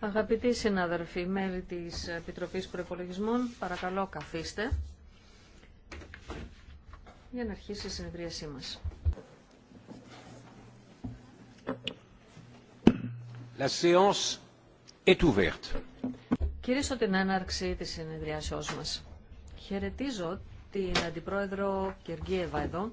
Αγαπητοί συναδελφοί, μέλη της Επιτροπής Προπολογισμών, παρακαλώ καθίστε για να αρχίσει η συνεδρίασή μας. La Κυρίσω την έναρξη της συνεδριάσεώς μας. Χαιρετίζω την Αντιπρόεδρο Κεργίεβα εδώ,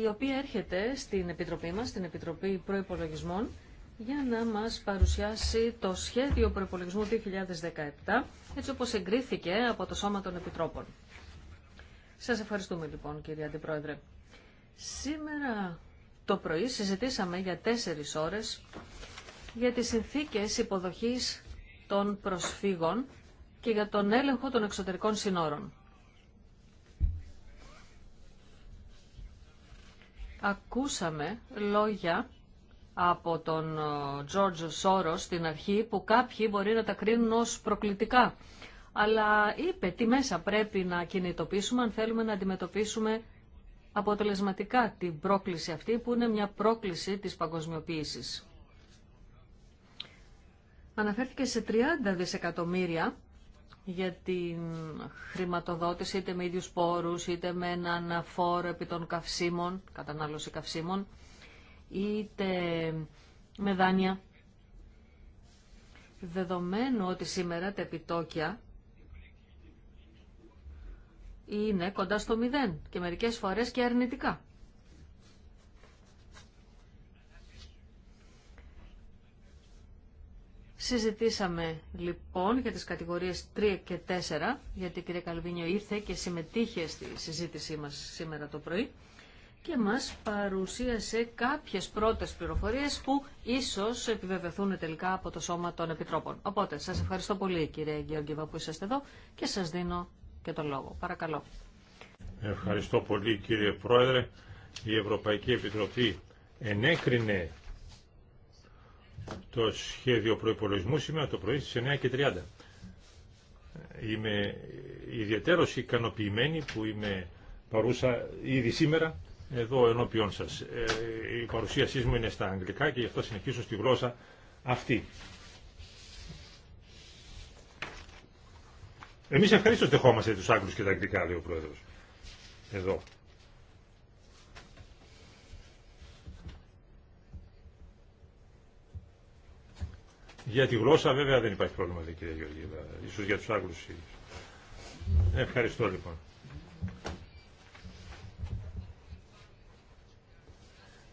η οποία έρχεται στην Επιτροπή μας, στην Επιτροπή Προϋπολογισμών, για να μας παρουσιάσει το σχέδιο προϋπολογισμού 2017, έτσι όπως εγκρίθηκε από το Σώμα των Επιτρόπων. Σας ευχαριστούμε λοιπόν κύριε Αντιπρόεδρε. Σήμερα το πρωί συζητήσαμε για τέσσερις ώρες για τις συνθήκες υποδοχής των προσφύγων και για τον έλεγχο των εξωτερικών συνόρων. Ακούσαμε λόγια από τον Τζόρτζο ε, Σόρο στην αρχή που κάποιοι μπορεί να τα κρίνουν ως προκλητικά. Αλλά είπε τι μέσα πρέπει να κινητοποιήσουμε αν θέλουμε να αντιμετωπίσουμε αποτελεσματικά την πρόκληση αυτή που είναι μια πρόκληση της παγκοσμιοποίησης. Αναφέρθηκε σε 30 δισεκατομμύρια για την χρηματοδότηση είτε με ίδιους πόρους είτε με έναν φόρο επί των καυσίμων, κατανάλωση καυσίμων είτε με δάνεια. Δεδομένου ότι σήμερα τα επιτόκια είναι κοντά στο μηδέν και μερικές φορές και αρνητικά. Συζητήσαμε λοιπόν για τις κατηγορίες 3 και 4, γιατί η κυρία Καλβίνιο ήρθε και συμμετείχε στη συζήτησή μας σήμερα το πρωί και μας παρουσίασε κάποιες πρώτες πληροφορίες που ίσως επιβεβαιωθούν τελικά από το Σώμα των Επιτρόπων. Οπότε σας ευχαριστώ πολύ κύριε Γεωργίβα που είσαστε εδώ και σας δίνω και τον λόγο. Παρακαλώ. Ευχαριστώ πολύ κύριε Πρόεδρε. Η Ευρωπαϊκή Επιτροπή ενέκρινε το σχέδιο προϋπολογισμού σήμερα το πρωί στις 9.30. Είμαι ιδιαίτερος ικανοποιημένη που είμαι παρούσα ήδη σήμερα εδώ ενώπιον σας. Ε, η παρουσίασή μου είναι στα αγγλικά και γι' αυτό συνεχίσω στη γλώσσα αυτή. Εμείς ευχαρίστως δεχόμαστε τους Άγγλους και τα αγγλικά, λέει ο Πρόεδρος. Εδώ. Για τη γλώσσα βέβαια δεν υπάρχει πρόβλημα, δε, κύριε Γεωργίου. Ίσως για τους Άγγλους. Ευχαριστώ λοιπόν.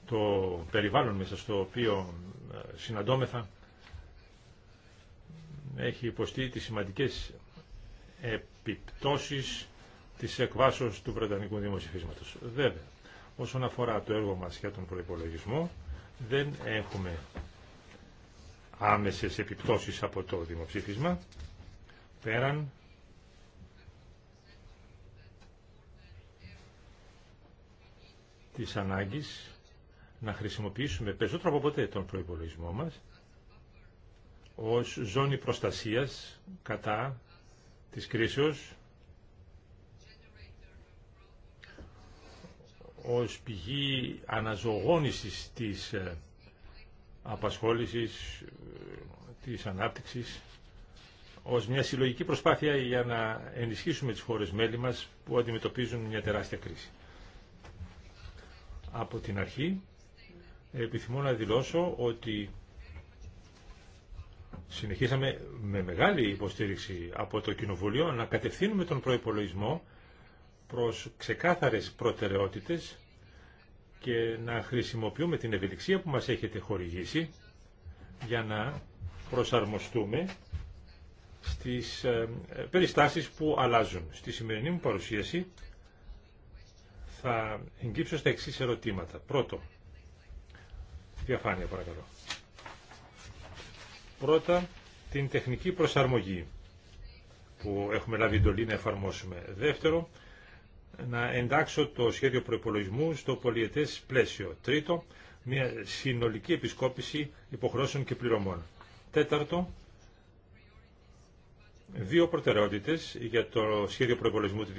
Το περιβάλλον μέσα στο οποίο ε, συναντώμεθα έχει υποστεί τις σημαντικές επιπτώσεις της εκβάσεως του Βρετανικού Δημοσιοφίσματος. Βέβαια, όσον αφορά το έργο μας για τον προϋπολογισμό, δεν έχουμε άμεσες επιπτώσεις από το δημοψήφισμα πέραν της ανάγκης να χρησιμοποιήσουμε περισσότερο από ποτέ τον προϋπολογισμό μας ως ζώνη προστασίας κατά της κρίσεως ως πηγή αναζωογόνησης της ε, απασχόλησης, ε, της ανάπτυξης, ως μια συλλογική προσπάθεια για να ενισχύσουμε τις χώρες μέλη μας που αντιμετωπίζουν μια τεράστια κρίση. Από την αρχή επιθυμώ να δηλώσω ότι συνεχίσαμε με μεγάλη υποστήριξη από το Κοινοβουλίο να κατευθύνουμε τον προϋπολογισμό προς ξεκάθαρες προτεραιότητες και να χρησιμοποιούμε την ευελιξία που μας έχετε χορηγήσει για να προσαρμοστούμε στις ε, περιστάσεις που αλλάζουν. Στη σημερινή μου παρουσίαση θα εγκύψω στα εξής ερωτήματα. Πρώτο, διαφάνεια παρακαλώ. Πρώτα, την τεχνική προσαρμογή που έχουμε λάβει εντολή να εφαρμόσουμε. Δεύτερο, να εντάξω το σχέδιο προπολογισμού στο πολιετέ πλαίσιο. Τρίτο, μια συνολική επισκόπηση υποχρώσεων και πληρωμών. Τέταρτο, δύο προτεραιότητες για το σχέδιο προπολογισμού του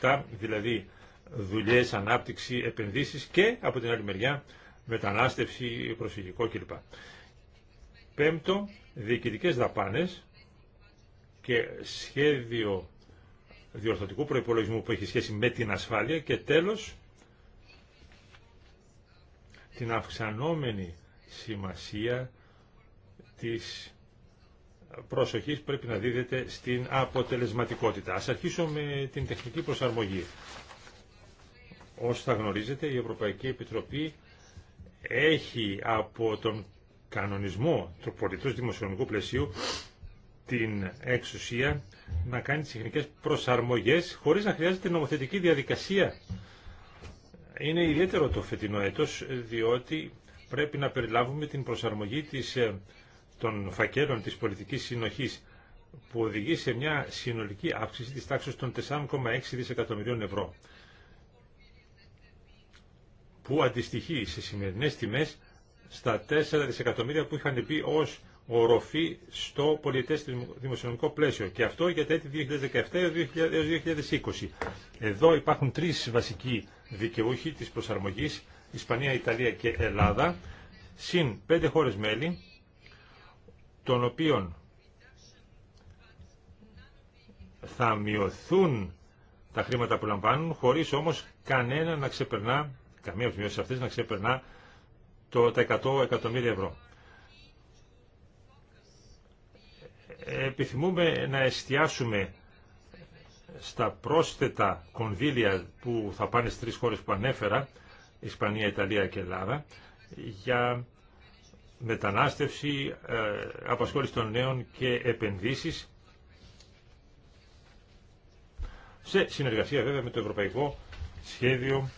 2017, δηλαδή δουλειέ, ανάπτυξη, επενδύσει και από την άλλη μεριά μετανάστευση, προσφυγικό κλπ. Πέμπτο, διοικητικέ δαπάνες και σχέδιο διορθωτικού προϋπολογισμού που έχει σχέση με την ασφάλεια και τέλος την αυξανόμενη σημασία της προσοχής πρέπει να δίδεται στην αποτελεσματικότητα. Ας αρχίσω με την τεχνική προσαρμογή. Όσο θα γνωρίζετε, η Ευρωπαϊκή Επιτροπή έχει από τον κανονισμό του πολιτικού δημοσιονομικού πλαισίου την εξουσία να κάνει τις τεχνικές προσαρμογές χωρίς να χρειάζεται νομοθετική διαδικασία. Είναι ιδιαίτερο το φετινό έτος διότι πρέπει να περιλάβουμε την προσαρμογή της, ε, των φακέλων της πολιτικής συνοχής που οδηγεί σε μια συνολική αύξηση της τάξης των 4,6 δισεκατομμυρίων ευρώ που αντιστοιχεί σε σημερινές τιμές στα 4 δισεκατομμύρια που είχαν πει ως οροφή στο πολιτές δημοσιονομικό πλαίσιο και αυτό για τα έτη 2017 2020. Εδώ υπάρχουν τρεις βασικοί δικαιούχοι της προσαρμογής, Ισπανία, Ιταλία και Ελλάδα, συν πέντε χώρες μέλη, των οποίων θα μειωθούν τα χρήματα που λαμβάνουν, χωρίς όμως κανένα να ξεπερνά, καμία από τις αυτές να ξεπερνά το, 100 εκατομμύρια ευρώ. επιθυμούμε να εστιάσουμε στα πρόσθετα κονδύλια που θα πάνε στις τρεις χώρες που ανέφερα, Ισπανία, Ιταλία και Ελλάδα, για μετανάστευση, ε, απασχόληση των νέων και επενδύσεις, σε συνεργασία βέβαια με το Ευρωπαϊκό Σχέδιο,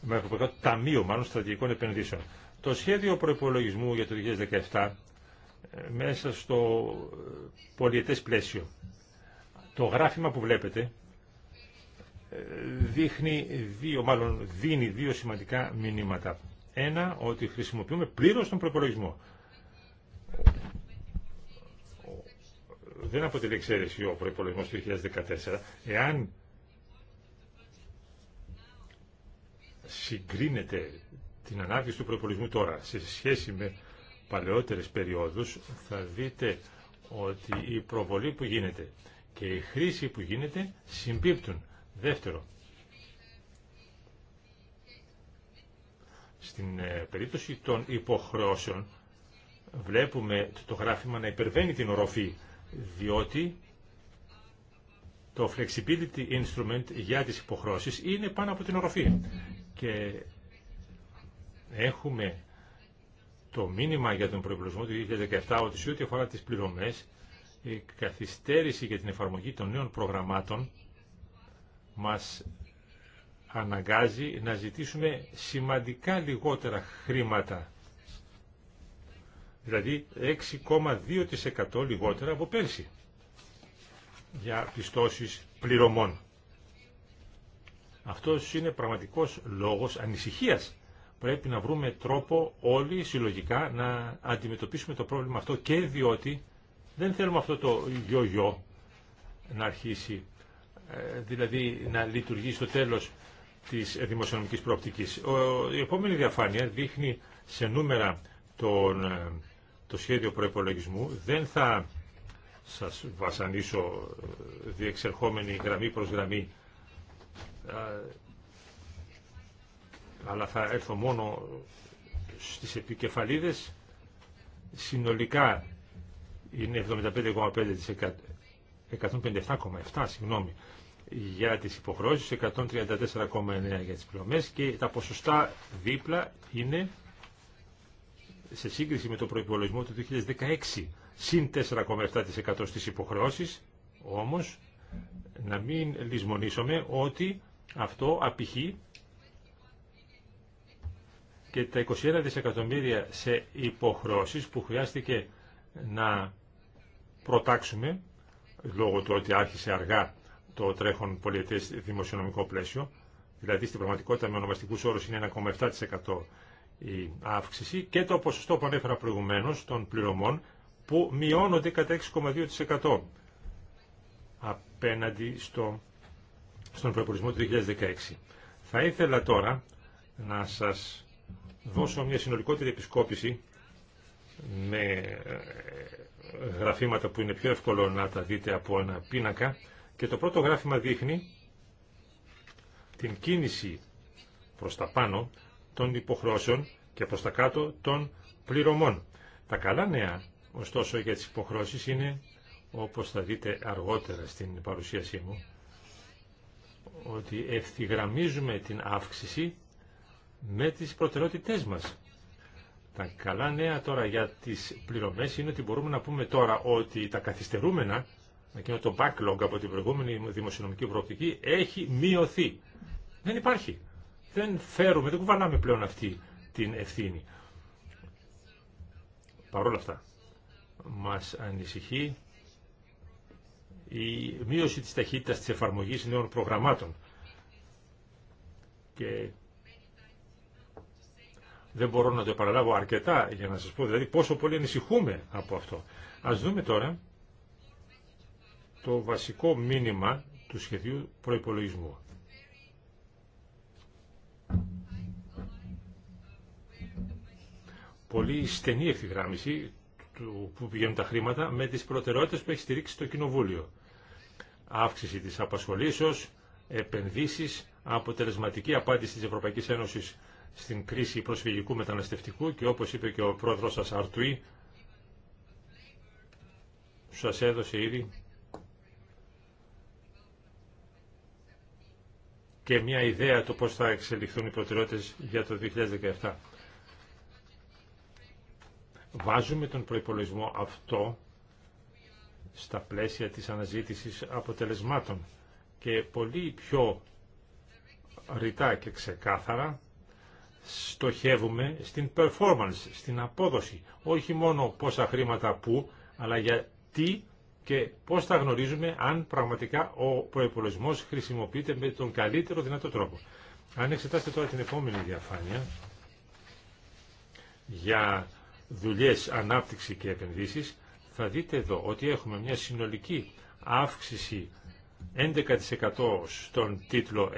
με το Ευρωπαϊκό Ταμείο μάλλον Στρατηγικών Επενδύσεων. Το σχέδιο προπολογισμού για το 2017 μέσα στο ε, πολιετές πλαίσιο. Το γράφημα που βλέπετε ε, δείχνει δύο, μάλλον δίνει δύο σημαντικά μηνύματα. Ένα, ότι χρησιμοποιούμε πλήρως τον προπολογισμό. Δεν αποτελεί εξαίρεση ο προπολογισμό του 2014. Εάν συγκρίνεται την ανάπτυξη του προπολογισμού τώρα σε σχέση με παλαιότερες περιόδους θα δείτε ότι η προβολή που γίνεται και η χρήση που γίνεται συμπίπτουν. Δεύτερο, στην ε, περίπτωση των υποχρεώσεων βλέπουμε το γράφημα να υπερβαίνει την οροφή διότι το flexibility instrument για τις υποχρώσεις είναι πάνω από την οροφή και έχουμε το μήνυμα για τον προϋπολογισμό του 2017 ότι σε ό,τι αφορά τις πληρωμές η καθυστέρηση για την εφαρμογή των νέων προγραμμάτων μας αναγκάζει να ζητήσουμε σημαντικά λιγότερα χρήματα. Δηλαδή 6,2% λιγότερα από πέρσι για πιστώσεις πληρωμών. Αυτός είναι πραγματικός λόγος ανησυχίας πρέπει να βρούμε τρόπο όλοι συλλογικά να αντιμετωπίσουμε το πρόβλημα αυτό και διότι δεν θέλουμε αυτό το γιο-γιο να αρχίσει, ε, δηλαδή να λειτουργεί στο τέλος της δημοσιονομικής προοπτικής. Η επόμενη διαφάνεια δείχνει σε νούμερα τον, ε, το σχέδιο προϋπολογισμού. Δεν θα σας βασανίσω ε, διεξερχόμενη γραμμή προς γραμμή αλλά θα έρθω μόνο στις επικεφαλίδες. Συνολικά είναι 75,5%, 157,7% συγγνώμη, για τις υποχρώσεις, 134,9% για τις πληρωμές και τα ποσοστά δίπλα είναι σε σύγκριση με το προϋπολογισμό του 2016 συν 4,7% στις υποχρεώσεις, όμως να μην λησμονήσουμε ότι αυτό απηχεί και τα 21 δισεκατομμύρια σε υποχρώσεις που χρειάστηκε να προτάξουμε λόγω του ότι άρχισε αργά το τρέχον πολιετές δημοσιονομικό πλαίσιο, δηλαδή στην πραγματικότητα με ονομαστικούς όρους είναι 1,7% η αύξηση και το ποσοστό που ανέφερα προηγουμένως των πληρωμών που μειώνονται κατά 6,2% απέναντι στο, στον προπολισμό του 2016. Θα ήθελα τώρα να σας δώσω μια συνολικότερη επισκόπηση με ε, γραφήματα που είναι πιο εύκολο να τα δείτε από ένα πίνακα και το πρώτο γράφημα δείχνει την κίνηση προς τα πάνω των υποχρώσεων και προς τα κάτω των πληρωμών. Τα καλά νέα, ωστόσο, για τις υποχρώσεις είναι, όπως θα δείτε αργότερα στην παρουσίασή μου, ότι ευθυγραμμίζουμε την αύξηση με τις προτεραιότητές μας. Τα καλά νέα τώρα για τις πληρωμές είναι ότι μπορούμε να πούμε τώρα ότι τα καθυστερούμενα, εκείνο το backlog από την προηγούμενη δημοσιονομική προοπτική, έχει μειωθεί. Δεν υπάρχει. Δεν φέρουμε, δεν κουβαλάμε πλέον αυτή την ευθύνη. Παρ' όλα αυτά, μας ανησυχεί η μείωση της ταχύτητας της εφαρμογής νέων προγραμμάτων. Και δεν μπορώ να το επαναλάβω αρκετά για να σας πω δηλαδή πόσο πολύ ανησυχούμε από αυτό. Ας δούμε τώρα το βασικό μήνυμα του σχεδίου προϋπολογισμού. Πολύ στενή ευθυγράμμιση του που πηγαίνουν τα χρήματα με τις προτεραιότητες που έχει στηρίξει το Κοινοβούλιο. Αύξηση της απασχολήσεως, επενδύσεις, αποτελεσματική απάντηση της Ευρωπαϊκής Ένωσης στην κρίση προσφυγικού μεταναστευτικού και όπως είπε και ο πρόεδρος σας Αρτουή, σας έδωσε ήδη και μια ιδέα το πώς θα εξελιχθούν οι προτεραιότητες για το 2017. Βάζουμε τον προϋπολογισμό αυτό στα πλαίσια της αναζήτησης αποτελεσμάτων και πολύ πιο ρητά και ξεκάθαρα στοχεύουμε στην performance, στην απόδοση. Όχι μόνο πόσα χρήματα που, αλλά για και πώς θα γνωρίζουμε αν πραγματικά ο προπολογισμό χρησιμοποιείται με τον καλύτερο δυνατό τρόπο. Αν εξετάσετε τώρα την επόμενη διαφάνεια για δουλειές, ανάπτυξη και επενδύσεις, θα δείτε εδώ ότι έχουμε μια συνολική αύξηση 11% στον τίτλο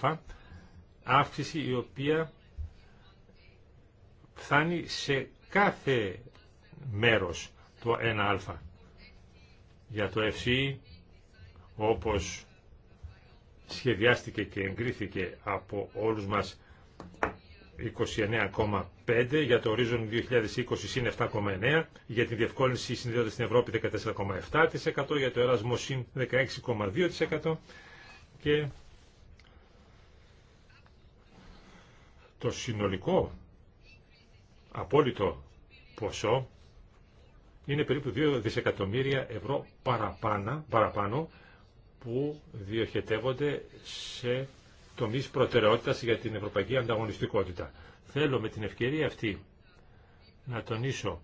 1α, αύξηση η οποία φτάνει σε κάθε μέρος το 1α. Για το ευσύ, όπως σχεδιάστηκε και εγκρίθηκε από όλους μας 29,5, για το Horizon 2020 συν 7,9, για τη διευκόλυνση συνδέοντας στην Ευρώπη 14,7%, για το Ερασμό συν 16,2% και το συνολικό απόλυτο ποσό είναι περίπου 2 δισεκατομμύρια ευρώ παραπάνω, παραπάνω που διοχετεύονται σε τομείς προτεραιότητας για την ευρωπαϊκή ανταγωνιστικότητα. Θέλω με την ευκαιρία αυτή να τονίσω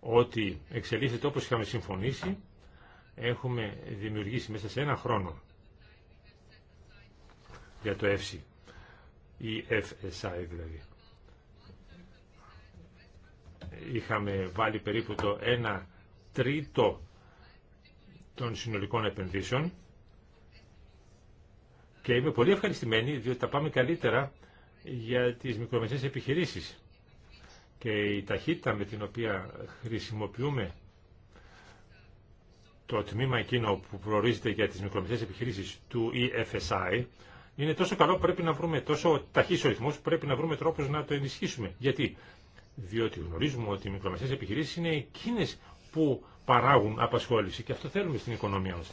ότι εξελίσσεται όπως είχαμε συμφωνήσει, έχουμε δημιουργήσει μέσα σε ένα χρόνο για το ΕΦΣΥ η δηλαδή. Είχαμε βάλει περίπου το 1 τρίτο των συνολικών επενδύσεων και είμαι πολύ ευχαριστημένη διότι τα πάμε καλύτερα για τις μικρομεσαίες επιχειρήσεις και η ταχύτητα με την οποία χρησιμοποιούμε το τμήμα εκείνο που προορίζεται για τις μικρομεσαίες επιχειρήσεις του EFSI είναι τόσο καλό πρέπει να βρούμε, τόσο ταχύ, ο πρέπει να βρούμε τρόπους να το ενισχύσουμε. Γιατί, διότι γνωρίζουμε ότι οι μικρομεσαίες επιχειρήσεις είναι εκείνε που παράγουν απασχόληση και αυτό θέλουμε στην οικονομία μας.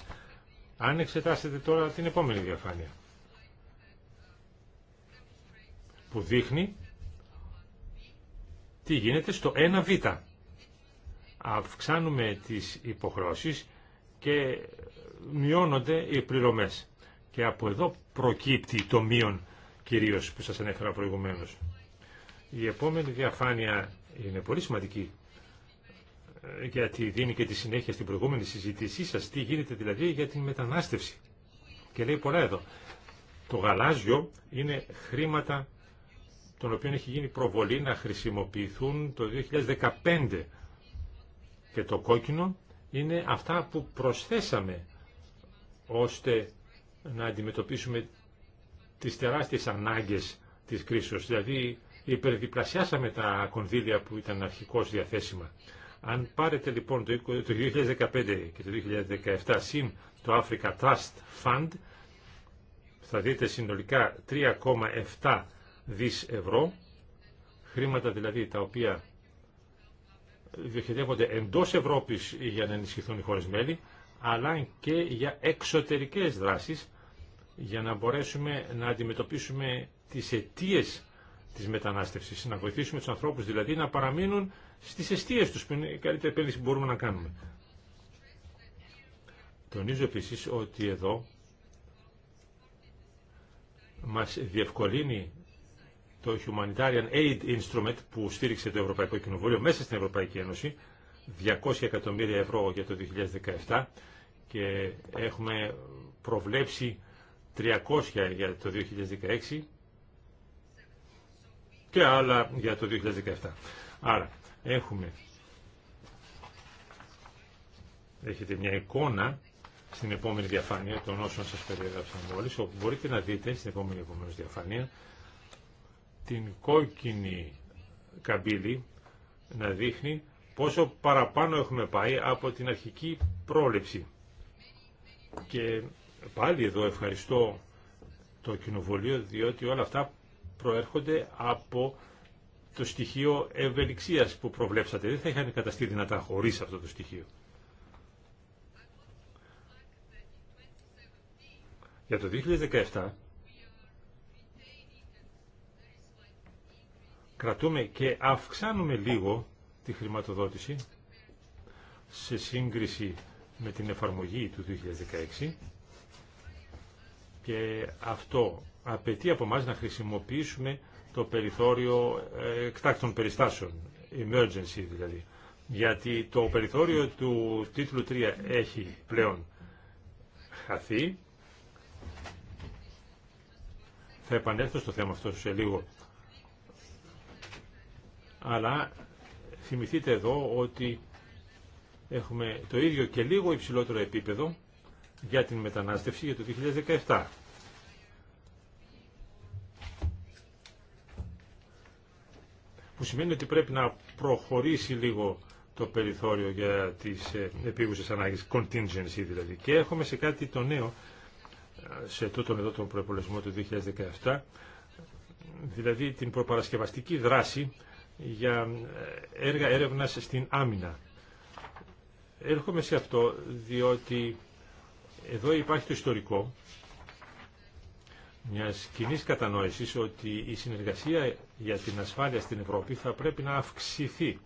Αν εξετάσετε τώρα την επόμενη διαφάνεια που δείχνει τι γίνεται στο 1β. Αυξάνουμε τις υποχρώσεις και μειώνονται οι πληρωμές. Και από εδώ προκύπτει το μείον κυρίως που σας ανέφερα προηγουμένως. Η επόμενη διαφάνεια είναι πολύ σημαντική ε, γιατί δίνει και τη συνέχεια στην προηγούμενη συζήτησή σας τι γίνεται δηλαδή για την μετανάστευση. Και λέει πολλά εδώ. Το γαλάζιο είναι χρήματα των οποίων έχει γίνει προβολή να χρησιμοποιηθούν το 2015 και το κόκκινο είναι αυτά που προσθέσαμε ώστε να αντιμετωπίσουμε τις τεράστιες ανάγκες της κρίσης. Δηλαδή υπερδιπλασιάσαμε τα κονδύλια που ήταν αρχικώς διαθέσιμα. Αν πάρετε λοιπόν το 2015 και το 2017 συν το Africa Trust Fund, θα δείτε συνολικά 3,7 δις ευρώ, χρήματα δηλαδή τα οποία διοχετεύονται εντός Ευρώπης για να ενισχυθούν οι χώρες μέλη, αλλά και για εξωτερικές δράσεις για να μπορέσουμε να αντιμετωπίσουμε τις αιτίε της μετανάστευσης, να βοηθήσουμε τους ανθρώπους δηλαδή να παραμείνουν στις αιστείες τους, που είναι η καλύτερη επένδυση που μπορούμε να κάνουμε. Τονίζω επίσης ότι εδώ μας διευκολύνει το Humanitarian Aid Instrument που στήριξε το Ευρωπαϊκό Κοινοβούλιο μέσα στην Ευρωπαϊκή Ένωση, 200 εκατομμύρια ευρώ για το 2017 και έχουμε προβλέψει 300 για το 2016 και άλλα για το 2017. Άρα έχουμε έχετε μια εικόνα στην επόμενη διαφάνεια των όσων σας περιέγραψα μόλις, όπου μπορείτε να δείτε στην επόμενη επόμενη διαφάνεια την κόκκινη καμπύλη να δείχνει πόσο παραπάνω έχουμε πάει από την αρχική πρόληψη. Και Πάλι εδώ ευχαριστώ το κοινοβολίο διότι όλα αυτά προέρχονται από το στοιχείο ευελιξίας που προβλέψατε. Δεν θα είχαν καταστεί δυνατά χωρίς αυτό το στοιχείο. Για το 2017 κρατούμε και αυξάνουμε λίγο τη χρηματοδότηση σε σύγκριση με την εφαρμογή του 2016 και αυτό απαιτεί από εμά να χρησιμοποιήσουμε το περιθώριο ε, εκτάκτων περιστάσεων, emergency δηλαδή. Γιατί το περιθώριο του τίτλου 3 έχει πλέον χαθεί. Θα επανέλθω στο θέμα αυτό σε λίγο. Αλλά θυμηθείτε εδώ ότι έχουμε το ίδιο και λίγο υψηλότερο επίπεδο για την μετανάστευση για το 2017. Που σημαίνει ότι πρέπει να προχωρήσει λίγο το περιθώριο για τις ε, επίγουσες ανάγκες, contingency δηλαδή. Και έχουμε σε κάτι το νέο, ε, σε τούτον εδώ τον προεπολεσμό του 2017, δηλαδή την προπαρασκευαστική δράση για ε, έργα έρευνας στην άμυνα. Έρχομαι σε αυτό διότι εδώ υπάρχει το ιστορικό μια κοινή κατανόηση ότι η συνεργασία για την ασφάλεια στην Ευρώπη θα πρέπει να αυξηθεί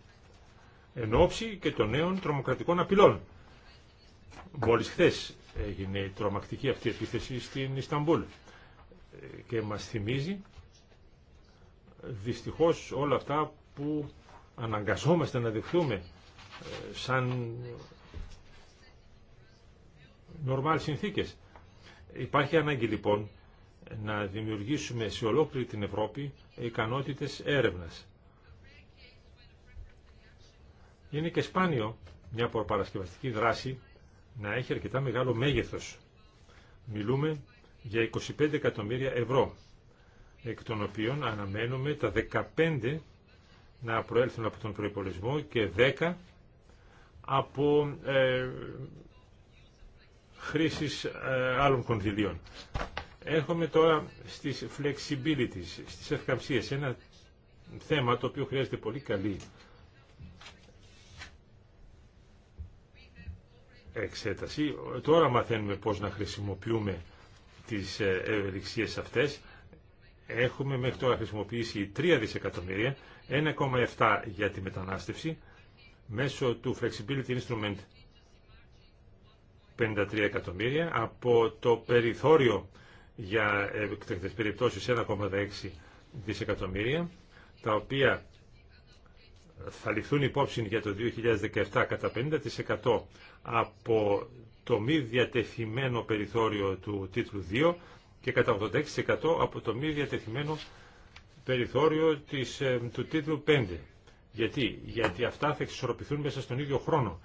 εν ώψη και των νέων τρομοκρατικών απειλών. Μόλις χθε έγινε η τρομακτική αυτή επίθεση στην Ισταμπούλ και μας θυμίζει δυστυχώς όλα αυτά που αναγκαζόμαστε να δεχθούμε ε, σαν νορμάλ συνθήκες. Υπάρχει ανάγκη λοιπόν να δημιουργήσουμε σε ολόκληρη την Ευρώπη ικανότητες έρευνας. Είναι και σπάνιο μια προπαρασκευαστική δράση να έχει αρκετά μεγάλο μέγεθος. Μιλούμε για 25 εκατομμύρια ευρώ, εκ των οποίων αναμένουμε τα 15 να προέλθουν από τον προϋπολισμό και 10 από ε, χρήσης ε, άλλων κονδυλίων. Έρχομαι τώρα στις flexibility, στις ευκαμψίες, ένα θέμα το οποίο χρειάζεται πολύ καλή εξέταση. Τώρα μαθαίνουμε πώς να χρησιμοποιούμε τις ε, ευελιξίες αυτές. Έχουμε μέχρι τώρα χρησιμοποιήσει 3 δισεκατομμύρια, 1,7 για τη μετανάστευση, μέσω του Flexibility Instrument 53 εκατομμύρια, από το περιθώριο για εκτεκτές περιπτώσεις 1,6 δισεκατομμύρια, τα οποία θα ληφθούν υπόψη για το 2017 κατά 50% από το μη διατεθειμένο περιθώριο του τίτλου 2 και κατά 86% από το μη διατεθειμένο περιθώριο της, ε, του τίτλου 5. Γιατί? Γιατί αυτά θα εξισορροπηθούν μέσα στον ίδιο χρόνο.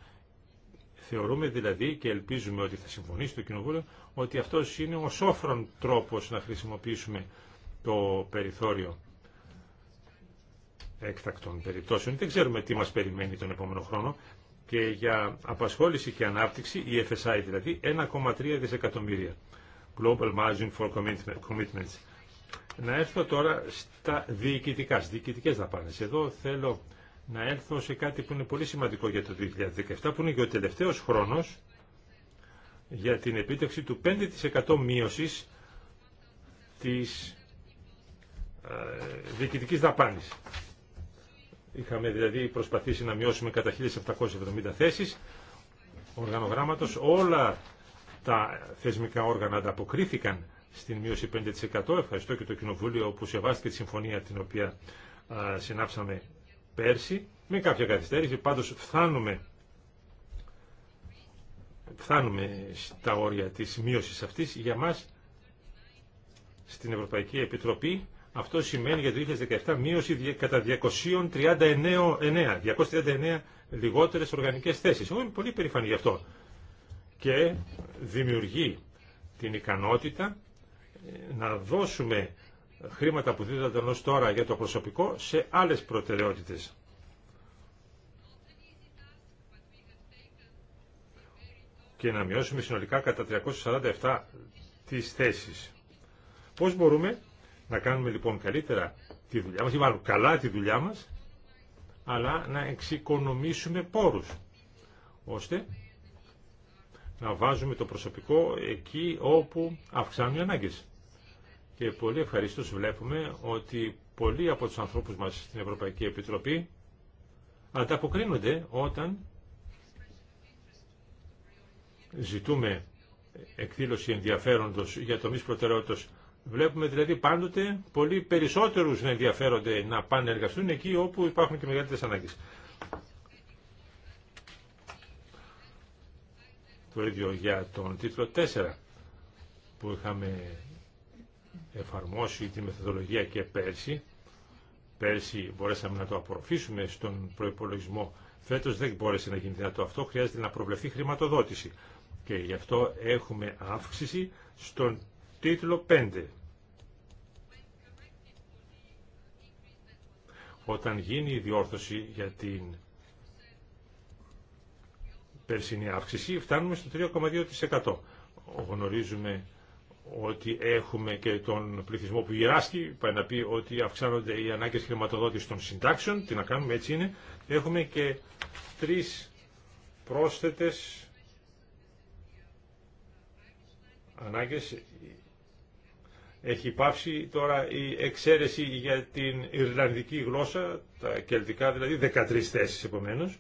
Θεωρούμε δηλαδή και ελπίζουμε ότι θα συμφωνήσει το Κοινοβούλιο ότι αυτός είναι ο σόφρον τρόπος να χρησιμοποιήσουμε το περιθώριο έκτακτων περιπτώσεων. Δεν ξέρουμε τι μας περιμένει τον επόμενο χρόνο και για απασχόληση και ανάπτυξη, η FSI δηλαδή, 1,3 δισεκατομμύρια. Global Margin for Commitments. Να έρθω τώρα στα διοικητικά, στις διοικητικές δαπάνες. Εδώ θέλω να έρθω σε κάτι που είναι πολύ σημαντικό για το 2017, που είναι και ο τελευταίος χρόνος για την επίτευξη του 5% μείωσης της ε, διοικητικής δαπάνης. Είχαμε δηλαδή προσπαθήσει να μειώσουμε κατά 1.770 θέσεις οργανογράμματος. Όλα τα θεσμικά όργανα ανταποκρίθηκαν στην μείωση 5%. Ευχαριστώ και το Κοινοβούλιο που σεβάστηκε τη συμφωνία την οποία ε, συνάψαμε πέρσι, με κάποια καθυστέρηση, πάντως φθάνουμε φθάνουμε στα όρια της μείωσης αυτής. Για μας, στην Ευρωπαϊκή Επιτροπή, αυτό σημαίνει για το 2017 μείωση κατά 239, 239 λιγότερες οργανικές θέσεις. Εγώ είμαι πολύ περήφανη γι' αυτό. Και δημιουργεί την ικανότητα ε, να δώσουμε χρήματα που δίδονταν ως τώρα για το προσωπικό σε άλλες προτεραιότητες. και να μειώσουμε συνολικά κατά 347 τις θέσεις. Πώς μπορούμε να κάνουμε λοιπόν καλύτερα τη δουλειά μας, ή μάλλον καλά τη δουλειά μας, αλλά να εξοικονομήσουμε πόρους, ώστε να βάζουμε το προσωπικό εκεί όπου αυξάνουν οι ανάγκες και πολύ ευχαριστώ βλέπουμε ότι πολλοί από τους ανθρώπους μας στην Ευρωπαϊκή Επιτροπή ανταποκρίνονται όταν ζητούμε εκδήλωση ενδιαφέροντος για τομείς προτεραιότητας. Βλέπουμε δηλαδή πάντοτε πολύ περισσότερους να ενδιαφέρονται να πάνε εργαστούν εκεί όπου υπάρχουν και μεγαλύτερες ανάγκες. Το ίδιο για τον τίτλο 4 που είχαμε εφαρμόσει τη μεθοδολογία και πέρσι. Πέρσι μπορέσαμε να το απορροφήσουμε στον προπολογισμό. Φέτος δεν μπόρεσε να γίνει δυνατό αυτό, χρειάζεται να προβλεφθεί χρηματοδότηση. Και γι' αυτό έχουμε αύξηση στον τίτλο 5. Όταν γίνει η διόρθωση για την περσινή αύξηση, φτάνουμε στο 3,2%. Γνωρίζουμε ότι έχουμε και τον πληθυσμό που γυράσκει, πάει να πει ότι αυξάνονται οι ανάγκες χρηματοδότηση των συντάξεων, τι να κάνουμε, έτσι είναι. Έχουμε και τρεις πρόσθετες ανάγκες. Έχει πάψει τώρα η εξαίρεση για την Ιρλανδική γλώσσα, τα κελτικά δηλαδή, 13 θέσεις επομένως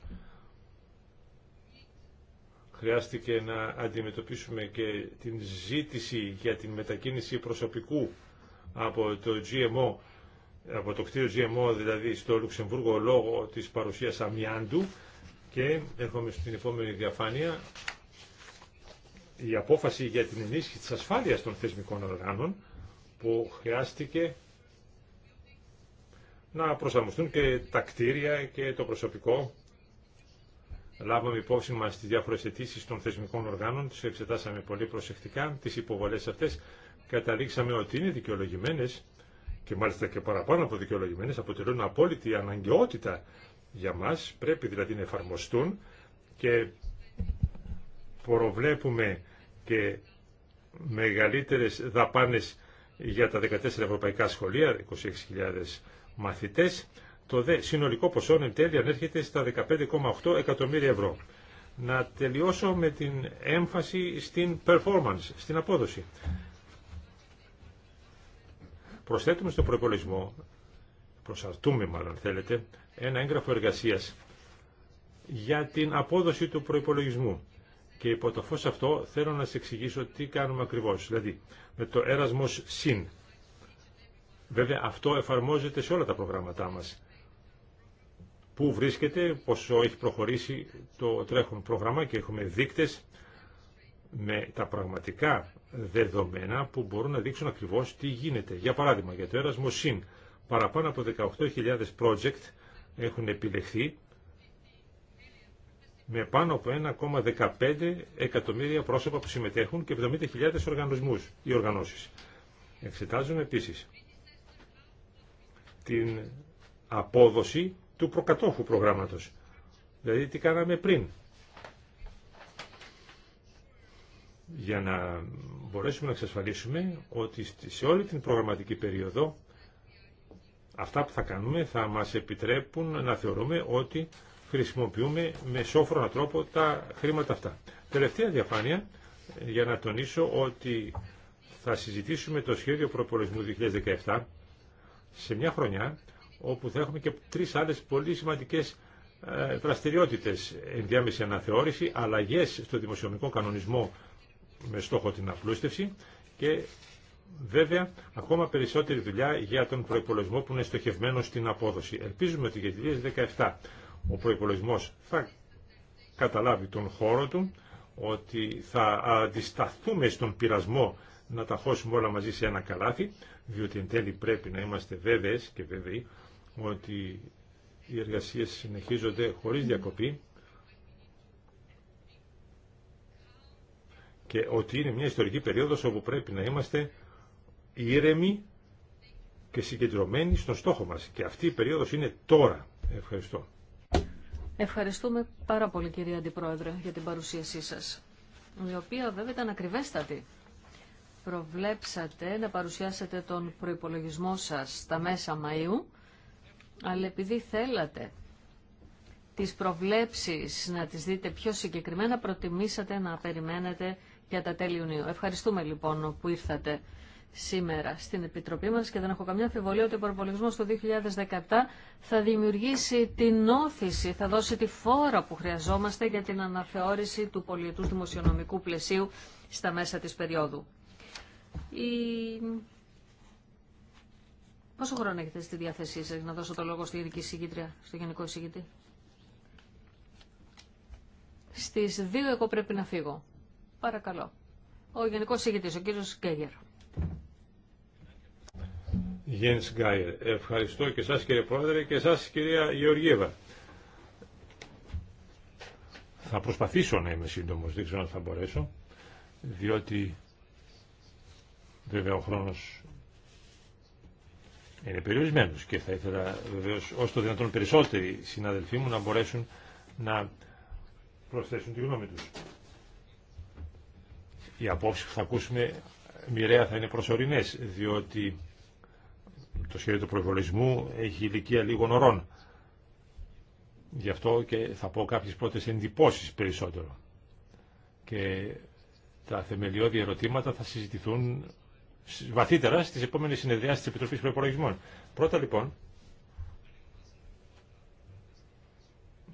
χρειάστηκε να αντιμετωπίσουμε και την ζήτηση για την μετακίνηση προσωπικού από το GMO, από το κτίριο GMO δηλαδή στο Λουξεμβούργο λόγω της παρουσίας αμιάντου και έρχομαι στην επόμενη διαφάνεια η απόφαση για την ενίσχυση της ασφάλειας των θεσμικών οργάνων που χρειάστηκε να προσαρμοστούν και τα κτίρια και το προσωπικό λάβαμε υπόψη μα τις διάφορε αιτήσει των θεσμικών οργάνων, τις εξετάσαμε πολύ προσεκτικά, τις υποβολέ αυτέ. καταλήξαμε ότι είναι δικαιολογημένες και μάλιστα και παραπάνω από δικαιολογημένες, αποτελούν απόλυτη αναγκαιότητα για μας, πρέπει δηλαδή να εφαρμοστούν και προβλέπουμε και μεγαλύτερες δαπάνες για τα 14 ευρωπαϊκά σχολεία, 26.000 μαθητές, το δε συνολικό ποσό εν τέλει ανέρχεται στα 15,8 εκατομμύρια ευρώ. Να τελειώσω με την έμφαση στην performance, στην απόδοση. Προσθέτουμε στον προπολογισμό, προσαρτούμε μάλλον θέλετε, ένα έγγραφο εργασίας για την απόδοση του προϋπολογισμού. Και υπό το φως αυτό θέλω να σας εξηγήσω τι κάνουμε ακριβώς. Δηλαδή, με το έρασμος συν. Βέβαια, αυτό εφαρμόζεται σε όλα τα προγράμματά μας πού βρίσκεται, πόσο έχει προχωρήσει το τρέχον πρόγραμμα και έχουμε δείκτες με τα πραγματικά δεδομένα που μπορούν να δείξουν ακριβώς τι γίνεται. Για παράδειγμα, για το έρασμο ΣΥΝ, παραπάνω από 18.000 project έχουν επιλεχθεί με πάνω από 1,15 εκατομμύρια πρόσωπα που συμμετέχουν και 70.000 οργανισμούς ή οργανώσεις. Εξετάζουμε επίσης την απόδοση του προκατόχου προγράμματος. Δηλαδή τι κάναμε πριν. Για να μπορέσουμε να εξασφαλίσουμε ότι σε όλη την προγραμματική περίοδο αυτά που θα κάνουμε θα μας επιτρέπουν να θεωρούμε ότι χρησιμοποιούμε με σόφρονα τρόπο τα χρήματα αυτά. Τελευταία διαφάνεια για να τονίσω ότι θα συζητήσουμε το σχέδιο προπολογισμού 2017 σε μια χρονιά όπου θα έχουμε και τρεις άλλες πολύ σημαντικές ε, δραστηριότητες. Ενδιάμεση αναθεώρηση, αλλαγές στο δημοσιονομικό κανονισμό με στόχο την απλούστευση και βέβαια ακόμα περισσότερη δουλειά για τον προπολογισμό που είναι στοχευμένο στην απόδοση. Ελπίζουμε ότι για τη 2017 ο προπολογισμό θα καταλάβει τον χώρο του, ότι θα αντισταθούμε στον πειρασμό να τα χώσουμε όλα μαζί σε ένα καλάθι, διότι εν τέλει πρέπει να είμαστε βέβαιες και βέβαιοι ότι οι εργασίες συνεχίζονται χωρίς διακοπή και ότι είναι μια ιστορική περίοδος όπου πρέπει να είμαστε ήρεμοι και συγκεντρωμένοι στον στόχο μας. Και αυτή η περίοδος είναι τώρα. Ευχαριστώ. Ευχαριστούμε πάρα πολύ κυρία Αντιπρόεδρε για την παρουσίασή σας, η οποία βέβαια ήταν ακριβέστατη. Προβλέψατε να παρουσιάσετε τον προϋπολογισμό σας στα μέσα Μαΐου αλλά επειδή θέλατε τις προβλέψεις να τις δείτε πιο συγκεκριμένα, προτιμήσατε να περιμένετε για τα τέλη Ιουνίου. Ευχαριστούμε λοιπόν που ήρθατε σήμερα στην Επιτροπή μας και δεν έχω καμιά αμφιβολία ότι ο προπολογισμός του 2017 θα δημιουργήσει την όθηση, θα δώσει τη φόρα που χρειαζόμαστε για την αναθεώρηση του πολιετούς δημοσιονομικού πλαισίου στα μέσα της περίοδου. Η Πόσο χρόνο έχετε στη διάθεσή σα να δώσω το λόγο στη Γενική Συγκήτρια, στο Γενικό Εισηγητή. Στις 2 εγώ πρέπει να φύγω. Παρακαλώ. Ο γενικό Εισηγητής, ο κύριος Γκέγερ. Γκάιερ, ευχαριστώ και σας κύριε Πρόεδρε και εσά κυρία Γεωργίευα. Θα προσπαθήσω να είμαι σύντομο. δεν ξέρω αν θα μπορέσω, διότι βέβαια ο χρόνο είναι περιορισμένος και θα ήθελα βεβαίως όσο το δυνατόν περισσότεροι συναδελφοί μου να μπορέσουν να προσθέσουν τη γνώμη τους. Οι απόψη που θα ακούσουμε μοιραία θα είναι προσωρινές, διότι το σχέδιο του προβολισμού έχει ηλικία λίγων ωρών. Γι' αυτό και θα πω κάποιες πρώτες εντυπώσεις περισσότερο. Και τα θεμελιώδη ερωτήματα θα συζητηθούν βαθύτερα στις επόμενες συνεδριάσεις της Επιτροπής Προπολογισμών. Πρώτα λοιπόν,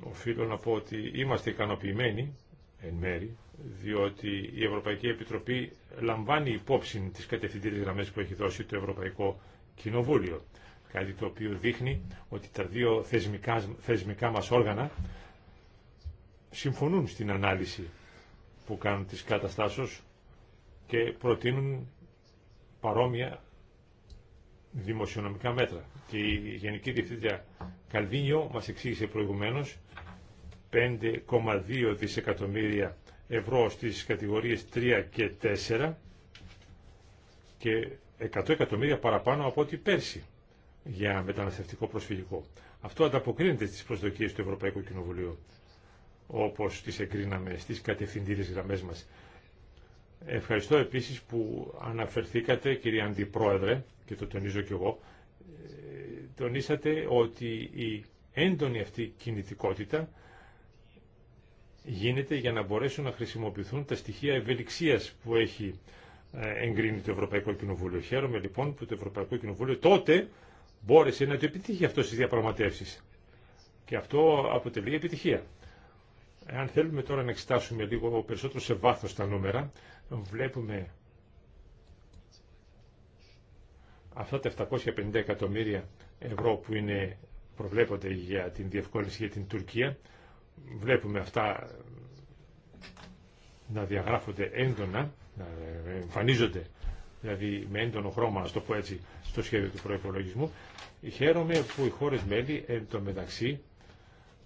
οφείλω να πω ότι είμαστε ικανοποιημένοι εν μέρη, διότι η Ευρωπαϊκή Επιτροπή λαμβάνει υπόψη τις κατευθυντήριες γραμμές που έχει δώσει το Ευρωπαϊκό Κοινοβούλιο. Κάτι το οποίο δείχνει ότι τα δύο θεσμικά, θεσμικά μας όργανα συμφωνούν στην ανάλυση που κάνουν τις καταστάσεις και προτείνουν παρόμοια δημοσιονομικά μέτρα. Και η Γενική Διευθύντρια Καλβίνιο μας εξήγησε προηγουμένως 5,2 δισεκατομμύρια ευρώ στις κατηγορίες 3 και 4 και 100 εκατομμύρια παραπάνω από ό,τι πέρσι για μεταναστευτικό προσφυγικό. Αυτό ανταποκρίνεται στις προσδοκίες του Ευρωπαϊκού Κοινοβουλίου όπως τις εγκρίναμε στις κατευθυντήριες γραμμές μας Ευχαριστώ επίσης που αναφερθήκατε, κύριε Αντιπρόεδρε, και το τονίζω κι εγώ, ε, τονίσατε ότι η έντονη αυτή κινητικότητα γίνεται για να μπορέσουν να χρησιμοποιηθούν τα στοιχεία ευελιξίας που έχει ε, εγκρίνει το Ευρωπαϊκό Κοινοβούλιο. Χαίρομαι λοιπόν που το Ευρωπαϊκό Κοινοβούλιο τότε μπόρεσε να το επιτύχει αυτό στις διαπραγματεύσεις. Και αυτό αποτελεί επιτυχία. Αν θέλουμε τώρα να εξετάσουμε λίγο περισσότερο σε βάθος τα νούμερα, βλέπουμε αυτά τα 750 εκατομμύρια ευρώ που είναι, προβλέπονται για την διευκόλυνση για την Τουρκία, βλέπουμε αυτά να διαγράφονται έντονα, να εμφανίζονται δηλαδή με έντονο χρώμα, το έτσι, στο σχέδιο του προϋπολογισμού. Χαίρομαι που οι χώρες μέλη εν τω μεταξύ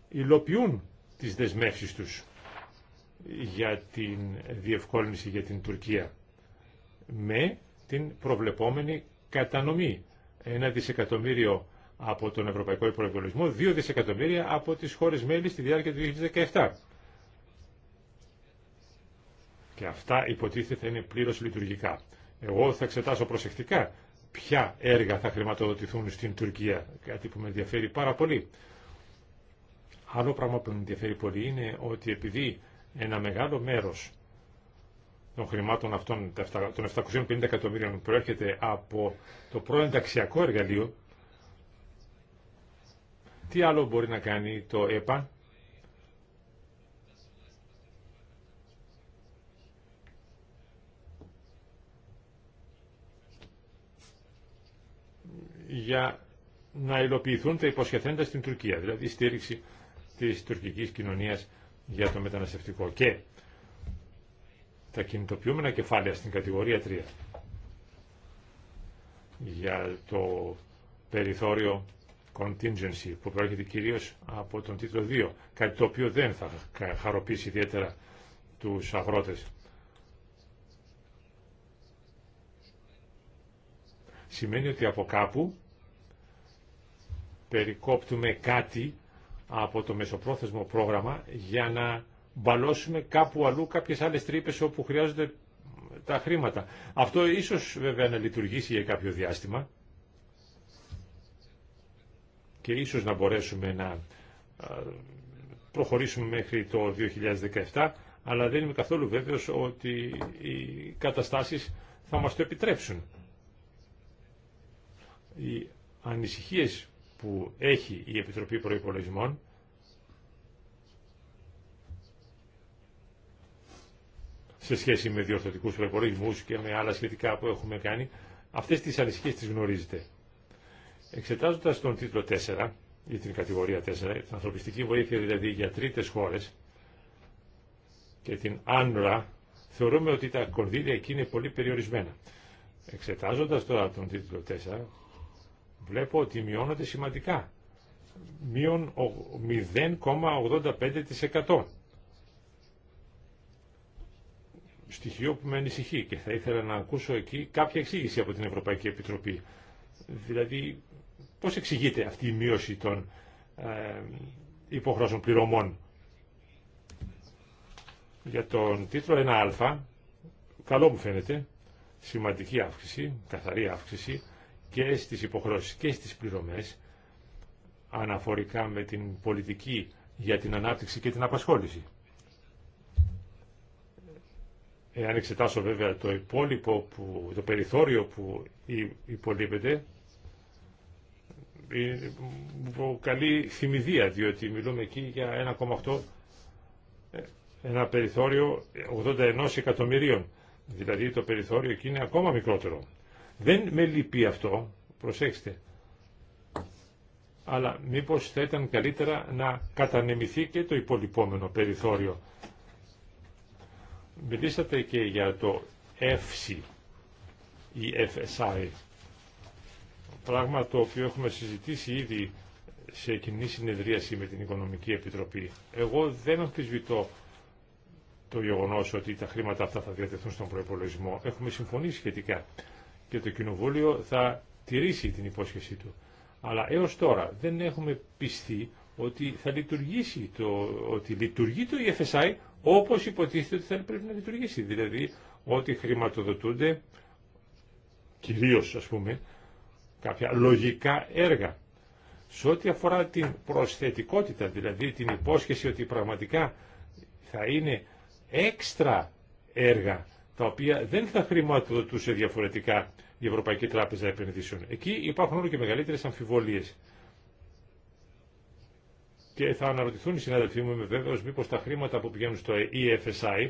υλοποιούν τις δεσμεύσεις τους για την διευκόλυνση για την Τουρκία με την προβλεπόμενη κατανομή. Ένα δισεκατομμύριο από τον Ευρωπαϊκό Υπολογισμό, δύο δισεκατομμύρια από τις χώρες μέλη στη διάρκεια του 2017. Και αυτά υποτίθεται θα είναι πλήρως λειτουργικά. Εγώ θα εξετάσω προσεκτικά ποια έργα θα χρηματοδοτηθούν στην Τουρκία, κάτι που με ενδιαφέρει πάρα πολύ. Άλλο πράγμα που με ενδιαφέρει πολύ είναι ότι επειδή ένα μεγάλο μέρος των χρημάτων αυτών, των 750 εκατομμύριων που προέρχεται από το προενταξιακό εργαλείο, τι άλλο μπορεί να κάνει το ΕΠΑ για να υλοποιηθούν τα υποσχεθέντα στην Τουρκία, δηλαδή η στήριξη της τουρκικής κοινωνίας για το μεταναστευτικό και τα κινητοποιούμενα κεφάλαια στην κατηγορία 3 για το περιθώριο contingency που προέρχεται κυρίως από τον τίτλο 2 κάτι το οποίο δεν θα χαροποιήσει ιδιαίτερα τους αγρότες σημαίνει ότι από κάπου περικόπτουμε κάτι από το μεσοπρόθεσμο πρόγραμμα για να μπαλώσουμε κάπου αλλού κάποιες άλλες τρύπες όπου χρειάζονται τα χρήματα. Αυτό ίσως βέβαια να λειτουργήσει για κάποιο διάστημα και ίσως να μπορέσουμε να προχωρήσουμε μέχρι το 2017, αλλά δεν είμαι καθόλου βέβαιος ότι οι καταστάσεις θα μας το επιτρέψουν. Οι ανησυχίες που έχει η Επιτροπή Προϋπολογισμών σε σχέση με διορθωτικούς προϋπολογισμούς και με άλλα σχετικά που έχουμε κάνει, αυτές τις ανησυχίες τις γνωρίζετε. Εξετάζοντας τον τίτλο 4, ή την κατηγορία 4, την ανθρωπιστική βοήθεια δηλαδή για τρίτες χώρες και την άνρα, θεωρούμε ότι τα κονδύλια εκεί είναι πολύ περιορισμένα. Εξετάζοντας τώρα τον τίτλο 4, βλέπω ότι μειώνονται σημαντικά. Μείον 0,85%. Στοιχείο που με ανησυχεί και θα ήθελα να ακούσω εκεί κάποια εξήγηση από την Ευρωπαϊκή Επιτροπή. Δηλαδή, πώς εξηγείται αυτή η μείωση των ε, υποχρώσεων πληρωμών. Για τον τίτλο 1α, καλό μου φαίνεται, σημαντική αύξηση, καθαρή αύξηση, και στις υποχρώσεις και στις πληρωμές αναφορικά με την πολιτική για την ανάπτυξη και την απασχόληση. Εάν εξετάσω βέβαια το υπόλοιπο, που, το περιθώριο που υπολείπεται, ε, μου καλή θυμηδία, διότι μιλούμε εκεί για 1,8, ε, ένα περιθώριο 81 εκατομμυρίων. Δηλαδή το περιθώριο εκεί είναι ακόμα μικρότερο. Δεν με λυπεί αυτό, προσέξτε. Αλλά μήπως θα ήταν καλύτερα να κατανεμηθεί και το υπολοιπόμενο περιθώριο. Μιλήσατε και για το ΕΦΣΙ ή FSI, πράγμα το οποίο έχουμε συζητήσει ήδη σε κοινή συνεδρίαση με την Οικονομική Επιτροπή. Εγώ δεν αμφισβητώ το γεγονός ότι τα χρήματα αυτά θα διατεθούν στον προπολογισμό. Έχουμε συμφωνήσει σχετικά και το Κοινοβούλιο θα τηρήσει την υπόσχεσή του. Αλλά έως τώρα δεν έχουμε πιστεί ότι θα λειτουργήσει το, ότι λειτουργεί το EFSI όπως υποτίθεται ότι θα πρέπει να λειτουργήσει. Δηλαδή ότι χρηματοδοτούνται κυρίως ας πούμε κάποια λογικά έργα. Σε ό,τι αφορά την προσθετικότητα, δηλαδή την υπόσχεση ότι πραγματικά θα είναι έξτρα έργα τα οποία δεν θα χρηματοδοτούσε διαφορετικά η Ευρωπαϊκή Τράπεζα Επενδύσεων. Εκεί υπάρχουν όλο και μεγαλύτερες αμφιβολίες. Και θα αναρωτηθούν οι συνάδελφοί μου, είμαι βέβαιος, μήπως τα χρήματα που πηγαίνουν στο EFSI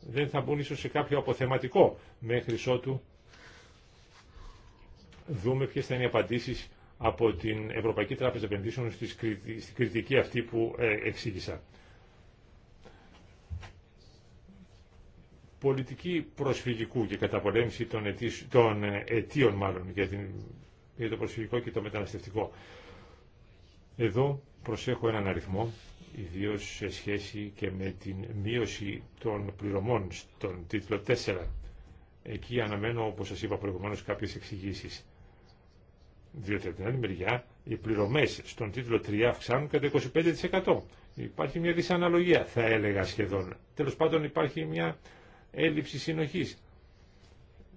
δεν θα μπουν ίσως σε κάποιο αποθεματικό μέχρι ότου δούμε ποιες θα είναι οι απαντήσεις από την Ευρωπαϊκή Τράπεζα Επενδύσεων στην κριτική αυτή που ε, εξήγησα. πολιτική προσφυγικού και καταπολέμηση των, αιτήσ, των ε, αιτίων μάλλον για, την, για το προσφυγικό και το μεταναστευτικό. Εδώ προσέχω έναν αριθμό, ιδίως σε σχέση και με την μείωση των πληρωμών στον τίτλο 4. Εκεί αναμένω, όπως σας είπα προηγουμένως, κάποιες εξηγήσεις. Διότι από την άλλη μεριά οι πληρωμές στον τίτλο 3 αυξάνουν κατά 25%. Υπάρχει μια δυσαναλογία, θα έλεγα σχεδόν. Τέλος πάντων υπάρχει μια έλλειψη συνοχής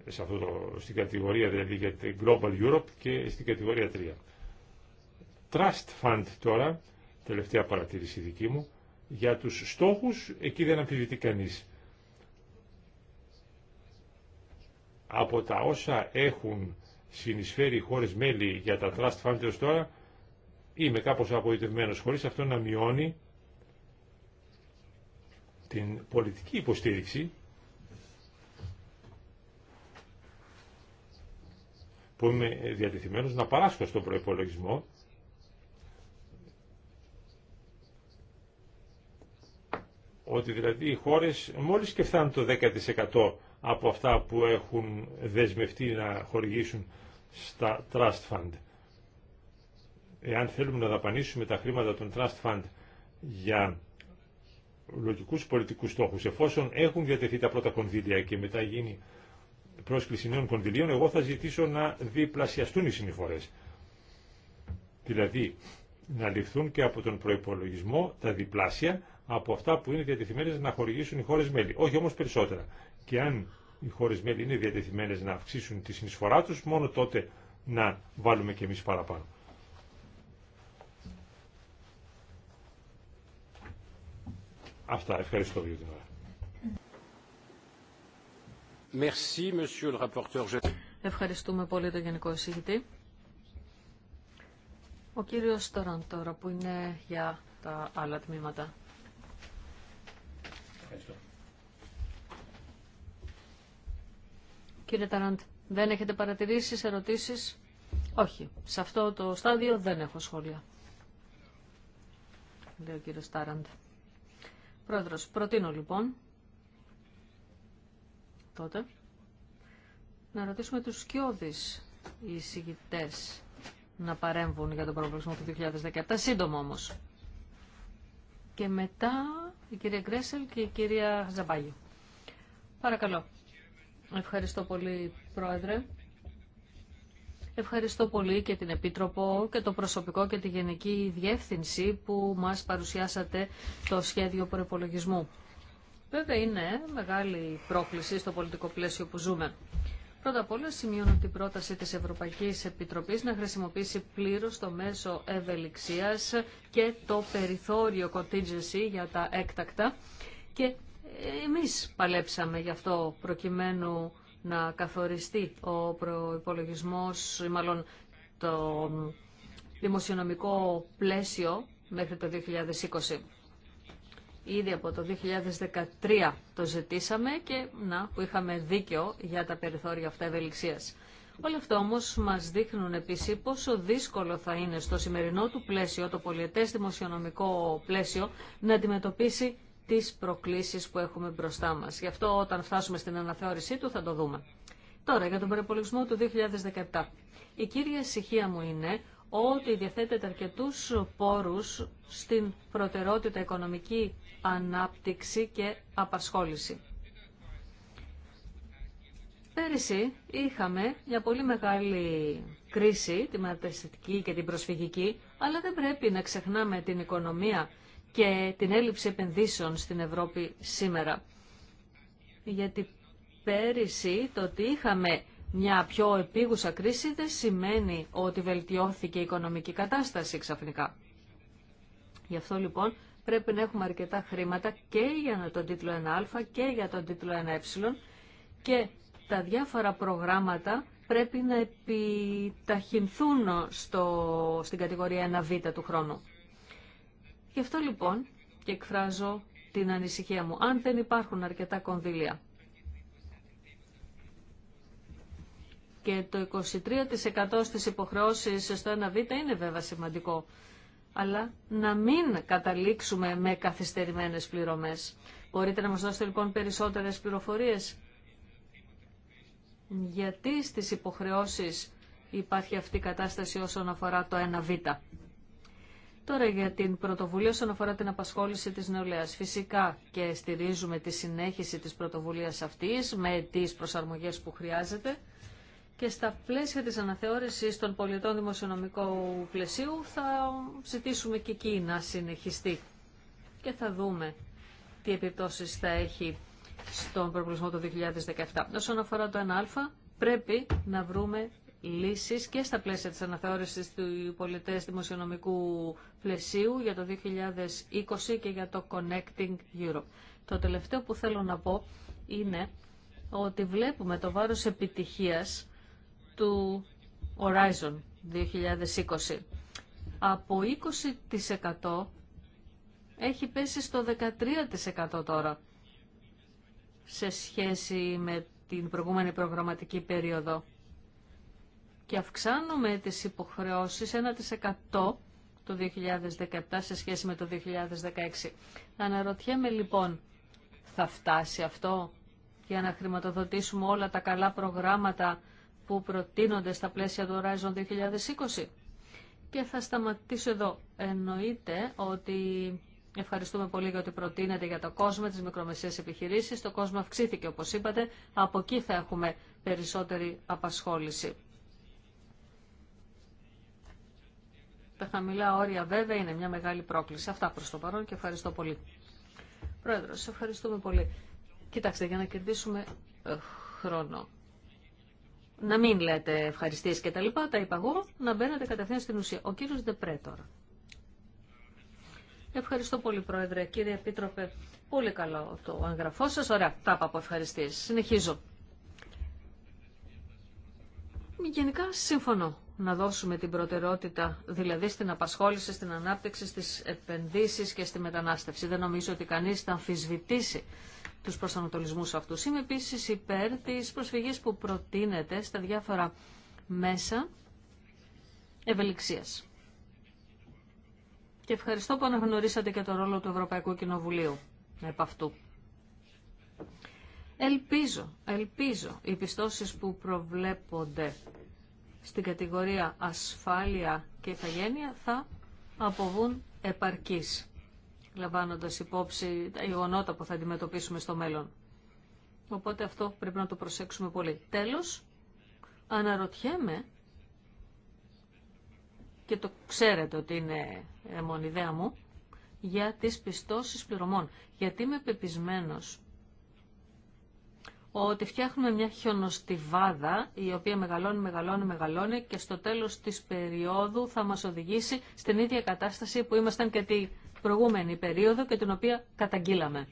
σε αυτό στην κατηγορία δηλαδή για την Global Europe και στην κατηγορία 3. Trust Fund τώρα, τελευταία παρατήρηση δική μου, για τους στόχους εκεί δεν αμφιβητεί κανείς. Από τα όσα έχουν συνεισφέρει οι χώρες μέλη για τα Trust Fund έως τώρα, είμαι κάπως απογοητευμένος, χωρίς αυτό να μειώνει την πολιτική υποστήριξη που είμαι διατεθειμένος να παράσχω στον προϋπολογισμό ότι δηλαδή οι χώρες μόλις και φτάνουν το 10% από αυτά που έχουν δεσμευτεί να χορηγήσουν στα Trust Fund. Εάν θέλουμε να δαπανίσουμε τα χρήματα των Trust Fund για λογικούς πολιτικούς στόχους, εφόσον έχουν διατεθεί τα πρώτα κονδύλια και μετά γίνει πρόσκληση νέων κονδυλίων, εγώ θα ζητήσω να διπλασιαστούν οι συνεισφορές. Δηλαδή, να ληφθούν και από τον προϋπολογισμό τα διπλάσια από αυτά που είναι διατεθειμένες να χορηγήσουν οι χώρες μέλη. Όχι όμως περισσότερα. Και αν οι χώρες μέλη είναι διατεθειμένες να αυξήσουν τη συνεισφορά τους, μόνο τότε να βάλουμε και εμείς παραπάνω. Αυτά. Ευχαριστώ για Ευχαριστούμε πολύ τον Γενικό Εισηγητή. Ο κύριος Σταραντ τώρα που είναι για τα άλλα τμήματα. Κύριε Ταραντ, δεν έχετε παρατηρήσεις, ερωτήσεις. Όχι. Σε αυτό το στάδιο δεν έχω σχόλια. Λέει ο κύριος Τάραντ. Πρόεδρος, προτείνω λοιπόν τότε να ρωτήσουμε τους σκιώδεις εισηγητές να παρέμβουν για τον προβλησμό του 2017, Σύντομο όμως. Και μετά η κυρία Γκρέσελ και η κυρία Ζαμπάγιο. Παρακαλώ. Ευχαριστώ πολύ, Πρόεδρε. Ευχαριστώ πολύ και την Επίτροπο και το προσωπικό και τη Γενική Διεύθυνση που μας παρουσιάσατε το σχέδιο προπολογισμού. Βέβαια είναι μεγάλη πρόκληση στο πολιτικό πλαίσιο που ζούμε. Πρώτα απ' όλα σημειώνω την πρόταση της Ευρωπαϊκής Επιτροπής να χρησιμοποιήσει πλήρως το μέσο ευελιξίας και το περιθώριο contingency για τα έκτακτα και εμείς παλέψαμε γι' αυτό προκειμένου να καθοριστεί ο προϋπολογισμός, ή μάλλον το δημοσιονομικό πλαίσιο μέχρι το 2020. Ήδη από το 2013 το ζητήσαμε και να που είχαμε δίκαιο για τα περιθώρια αυτά ευελιξία. Όλα αυτά όμω μας δείχνουν επίσης πόσο δύσκολο θα είναι στο σημερινό του πλαίσιο, το πολιτευστημο δημοσιονομικό πλαίσιο, να αντιμετωπίσει τις προκλήσεις που έχουμε μπροστά μας. Γι' αυτό όταν φτάσουμε στην αναθεώρησή του θα το δούμε. Τώρα για τον προπολογισμό του 2017. Η κύρια ησυχία μου είναι ότι διαθέτεται αρκετούς πόρους στην προτεραιότητα οικονομική ανάπτυξη και απασχόληση. Πέρυσι είχαμε μια πολύ μεγάλη κρίση, τη μεταναστευτική και την προσφυγική, αλλά δεν πρέπει να ξεχνάμε την οικονομία και την έλλειψη επενδύσεων στην Ευρώπη σήμερα. Γιατί πέρυσι το ότι είχαμε μια πιο επίγουσα κρίση δεν σημαίνει ότι βελτιώθηκε η οικονομική κατάσταση ξαφνικά. Γι' αυτό λοιπόν πρέπει να έχουμε αρκετά χρήματα και για τον τίτλο 1α και για τον τίτλο 1ε και τα διάφορα προγράμματα πρέπει να επιταχυνθούν στο, στην κατηγορία 1β του χρόνου. Γι' αυτό λοιπόν και εκφράζω την ανησυχία μου. Αν δεν υπάρχουν αρκετά κονδύλια, και το 23% στις υποχρεώσεις στο 1β είναι βέβαια σημαντικό. Αλλά να μην καταλήξουμε με καθυστερημένες πληρωμές. Μπορείτε να μας δώσετε λοιπόν περισσότερες πληροφορίες. Γιατί στις υποχρεώσεις υπάρχει αυτή η κατάσταση όσον αφορά το 1β. Τώρα για την πρωτοβουλία όσον αφορά την απασχόληση της νεολαίας. Φυσικά και στηρίζουμε τη συνέχιση της πρωτοβουλίας αυτής με τις προσαρμογές που χρειάζεται και στα πλαίσια της αναθεώρησης των πολιτών δημοσιονομικού πλαισίου θα ζητήσουμε και εκεί να συνεχιστεί και θα δούμε τι επιπτώσεις θα έχει στον προβλησμό του 2017. Όσον αφορά το 1α, πρέπει να βρούμε λύσεις και στα πλαίσια της αναθεώρησης του πολιτές δημοσιονομικού πλαισίου για το 2020 και για το Connecting Europe. Το τελευταίο που θέλω να πω είναι ότι βλέπουμε το βάρος επιτυχίας του Horizon 2020. Από 20% έχει πέσει στο 13% τώρα σε σχέση με την προηγούμενη προγραμματική περίοδο. Και αυξάνουμε τις υποχρεώσεις 1% το 2017 σε σχέση με το 2016. Αναρωτιέμαι λοιπόν, θα φτάσει αυτό για να χρηματοδοτήσουμε όλα τα καλά προγράμματα που προτείνονται στα πλαίσια του Horizon 2020. Και θα σταματήσω εδώ. Εννοείται ότι Ευχαριστούμε πολύ για ό,τι προτείνεται για το κόσμο, τις μικρομεσαίες επιχειρήσεις. Το κόσμο αυξήθηκε, όπως είπατε. Από εκεί θα έχουμε περισσότερη απασχόληση. Τα χαμηλά όρια βέβαια είναι μια μεγάλη πρόκληση. Αυτά προς το παρόν και ευχαριστώ πολύ. Πρόεδρος, ευχαριστούμε πολύ. Κοιτάξτε, για να κερδίσουμε ε, χρόνο να μην λέτε ευχαριστήσει και τα λοιπά, τα είπα εγώ, να μπαίνετε κατευθείαν στην ουσία. Ο κύριος Δεπρέ τώρα. Ευχαριστώ πολύ, Πρόεδρε. Κύριε Επίτροπε, πολύ καλό το εγγραφό σας. Ωραία, τα είπα από ευχαριστήσεις. Συνεχίζω. Γενικά, σύμφωνο να δώσουμε την προτεραιότητα, δηλαδή στην απασχόληση, στην ανάπτυξη, στις επενδύσεις και στη μετανάστευση. Δεν νομίζω ότι κανείς θα αμφισβητήσει τους προσανατολισμού αυτούς. Είμαι επίση υπέρ τη προσφυγής που προτείνεται στα διάφορα μέσα ευελιξίας. Και ευχαριστώ που αναγνωρίσατε και το ρόλο του Ευρωπαϊκού Κοινοβουλίου επ' αυτού. Ελπίζω, ελπίζω οι πιστώσεις που προβλέπονται στην κατηγορία ασφάλεια και ηθαγένεια θα αποβούν επαρκής λαμβάνοντα υπόψη τα γεγονότα που θα αντιμετωπίσουμε στο μέλλον. Οπότε αυτό πρέπει να το προσέξουμε πολύ. Τέλος, αναρωτιέμαι, και το ξέρετε ότι είναι ε, μονιδέα μου, για τις πιστώσεις πληρωμών. Γιατί είμαι πεπισμένος ότι φτιάχνουμε μια χιονοστιβάδα η οποία μεγαλώνει, μεγαλώνει, μεγαλώνει και στο τέλος της περίοδου θα μας οδηγήσει στην ίδια κατάσταση που ήμασταν και τη προηγούμενη περίοδο και την οποία καταγγείλαμε.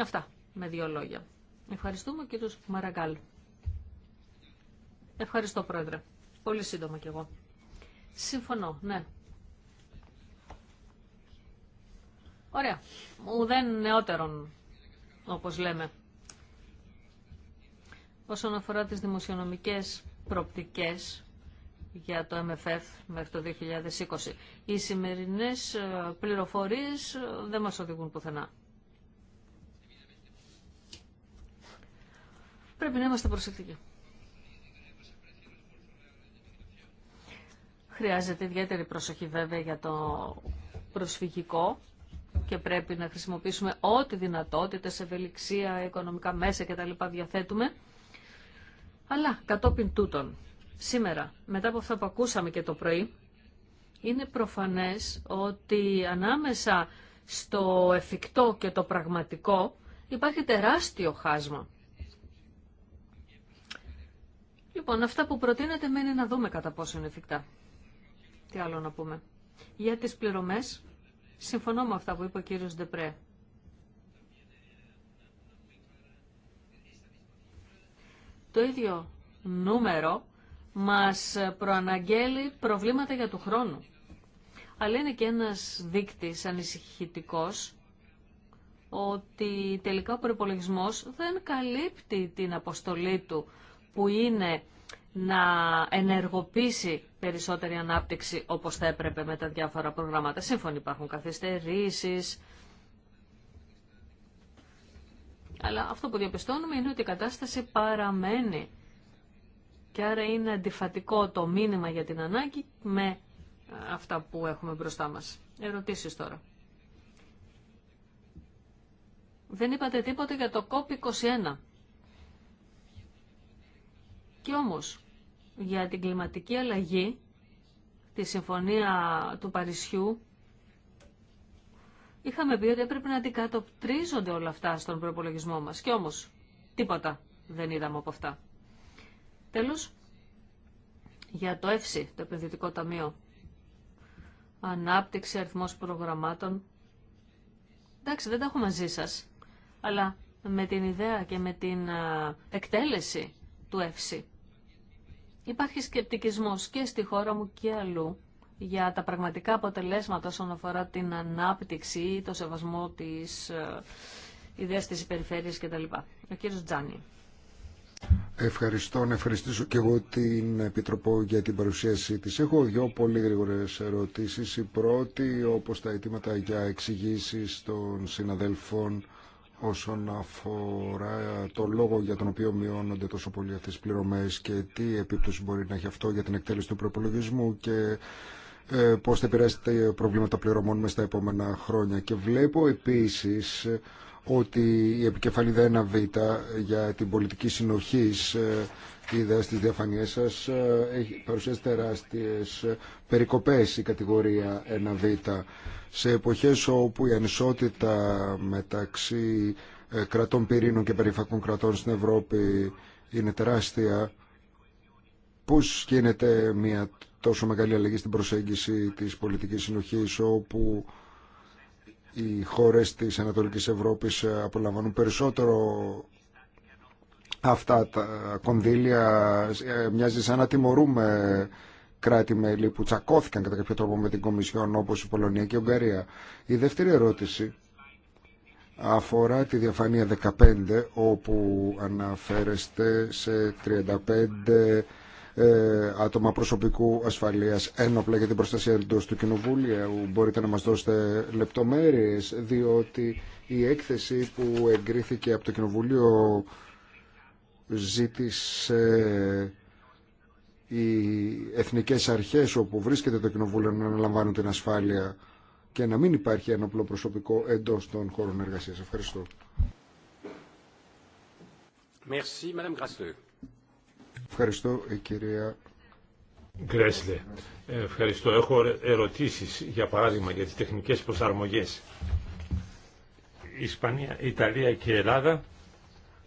Αυτά με δύο λόγια. Ευχαριστούμε τους Μαραγκάλ. Ευχαριστώ πρόεδρε. Πολύ σύντομα κι εγώ. Συμφωνώ, ναι. Ωραία. Ουδέν νεότερον, όπως λέμε. Όσον αφορά τις δημοσιονομικές προπτικές, για το MFF μέχρι το 2020. Οι σημερινές ε, πληροφορίες ε, δεν μας οδηγούν πουθενά. Πρέπει να είμαστε προσεκτικοί. Χρειάζεται ιδιαίτερη προσοχή βέβαια για το προσφυγικό και πρέπει να χρησιμοποιήσουμε ό,τι δυνατότητες, ευελιξία, οικονομικά μέσα κτλ. διαθέτουμε. Αλλά κατόπιν τούτων σήμερα, μετά από αυτά που ακούσαμε και το πρωί, είναι προφανές ότι ανάμεσα στο εφικτό και το πραγματικό υπάρχει τεράστιο χάσμα. Λοιπόν, αυτά που προτείνετε μένει να δούμε κατά πόσο είναι εφικτά. Τι άλλο να πούμε. Για τις πληρωμές, συμφωνώ με αυτά που είπε ο κύριος Ντεπρέ. Το ίδιο νούμερο μας προαναγγέλει προβλήματα για του χρόνου. Αλλά είναι και ένας δείκτης ανησυχητικός ότι τελικά ο προπολογισμό δεν καλύπτει την αποστολή του που είναι να ενεργοποιήσει περισσότερη ανάπτυξη όπως θα έπρεπε με τα διάφορα προγράμματα. Σύμφωνοι υπάρχουν καθυστερήσεις. Αλλά αυτό που διαπιστώνουμε είναι ότι η κατάσταση παραμένει και άρα είναι αντιφατικό το μήνυμα για την ανάγκη με αυτά που έχουμε μπροστά μας. Ερωτήσεις τώρα. Δεν είπατε τίποτα για το COP21. Και όμως, για την κλιματική αλλαγή, τη συμφωνία του Παρισιού, είχαμε πει ότι έπρεπε να αντικατοπτρίζονται όλα αυτά στον προπολογισμό μας. Και όμως, τίποτα δεν είδαμε από αυτά. Τέλος, για το ΕΦΣΥ, το Επενδυτικό Ταμείο. Ανάπτυξη, αριθμός προγραμμάτων. Εντάξει, δεν τα έχω μαζί σας, αλλά με την ιδέα και με την εκτέλεση του ΕΦΣΥ. Υπάρχει σκεπτικισμός και στη χώρα μου και αλλού για τα πραγματικά αποτελέσματα όσον αφορά την ανάπτυξη ή το σεβασμό της ιδέας της υπερηφέρειας κτλ. Ο κύριος Τζάνι. Ευχαριστώ να ευχαριστήσω και εγώ την Επιτροπό για την παρουσίασή της. Έχω δυο πολύ γρήγορες ερωτήσεις. Η πρώτη, όπως τα αιτήματα για εξηγήσει των συναδέλφων όσον αφορά το λόγο για τον οποίο μειώνονται τόσο πολύ αυτές τις πληρωμές και τι επίπτωση μπορεί να έχει αυτό για την εκτέλεση του προπολογισμού και ε, πώς θα επηρεάσει τα προβλήματα πληρωμών μέσα στα επόμενα χρόνια. Και βλέπω επίσης ότι η επικεφαλίδα 1Β για την πολιτική συνοχής είδα στις διαφανίες σας ε, έχει παρουσιάσει τεράστιες περικοπές η κατηγορία 1Β σε εποχές όπου η ανισότητα μεταξύ ε, κρατών πυρήνων και περιφακών κρατών στην Ευρώπη είναι τεράστια πώς γίνεται μια τόσο μεγάλη αλλαγή στην προσέγγιση της πολιτικής συνοχής όπου οι χώρες της Ανατολικής Ευρώπης ε, απολαμβάνουν περισσότερο αυτά τα κονδύλια. Ε, μοιάζει σαν να τιμωρούμε κράτη-μέλη που τσακώθηκαν κατά κάποιο τρόπο με την Κομισιόν όπως η Πολωνία και η Ουγγαρία. Η δεύτερη ερώτηση αφορά τη διαφάνεια 15 όπου αναφέρεστε σε 35 ε, άτομα προσωπικού ασφαλείας ένοπλα για την προστασία εντός του Κοινοβούλια. Μπορείτε να μας δώσετε λεπτομέρειες, διότι η έκθεση που εγκρίθηκε από το Κοινοβούλιο ζήτησε οι εθνικές αρχές όπου βρίσκεται το Κοινοβούλιο να αναλαμβάνουν την ασφάλεια και να μην υπάρχει ένοπλο προσωπικό εντός των χώρων εργασίας. Ευχαριστώ. Merci, Madame Ευχαριστώ, ε, κυρία Γκρέσλε. Ε, ευχαριστώ. Έχω ερωτήσεις, για παράδειγμα, για τις τεχνικές προσαρμογές. Ισπανία, Ιταλία και Ελλάδα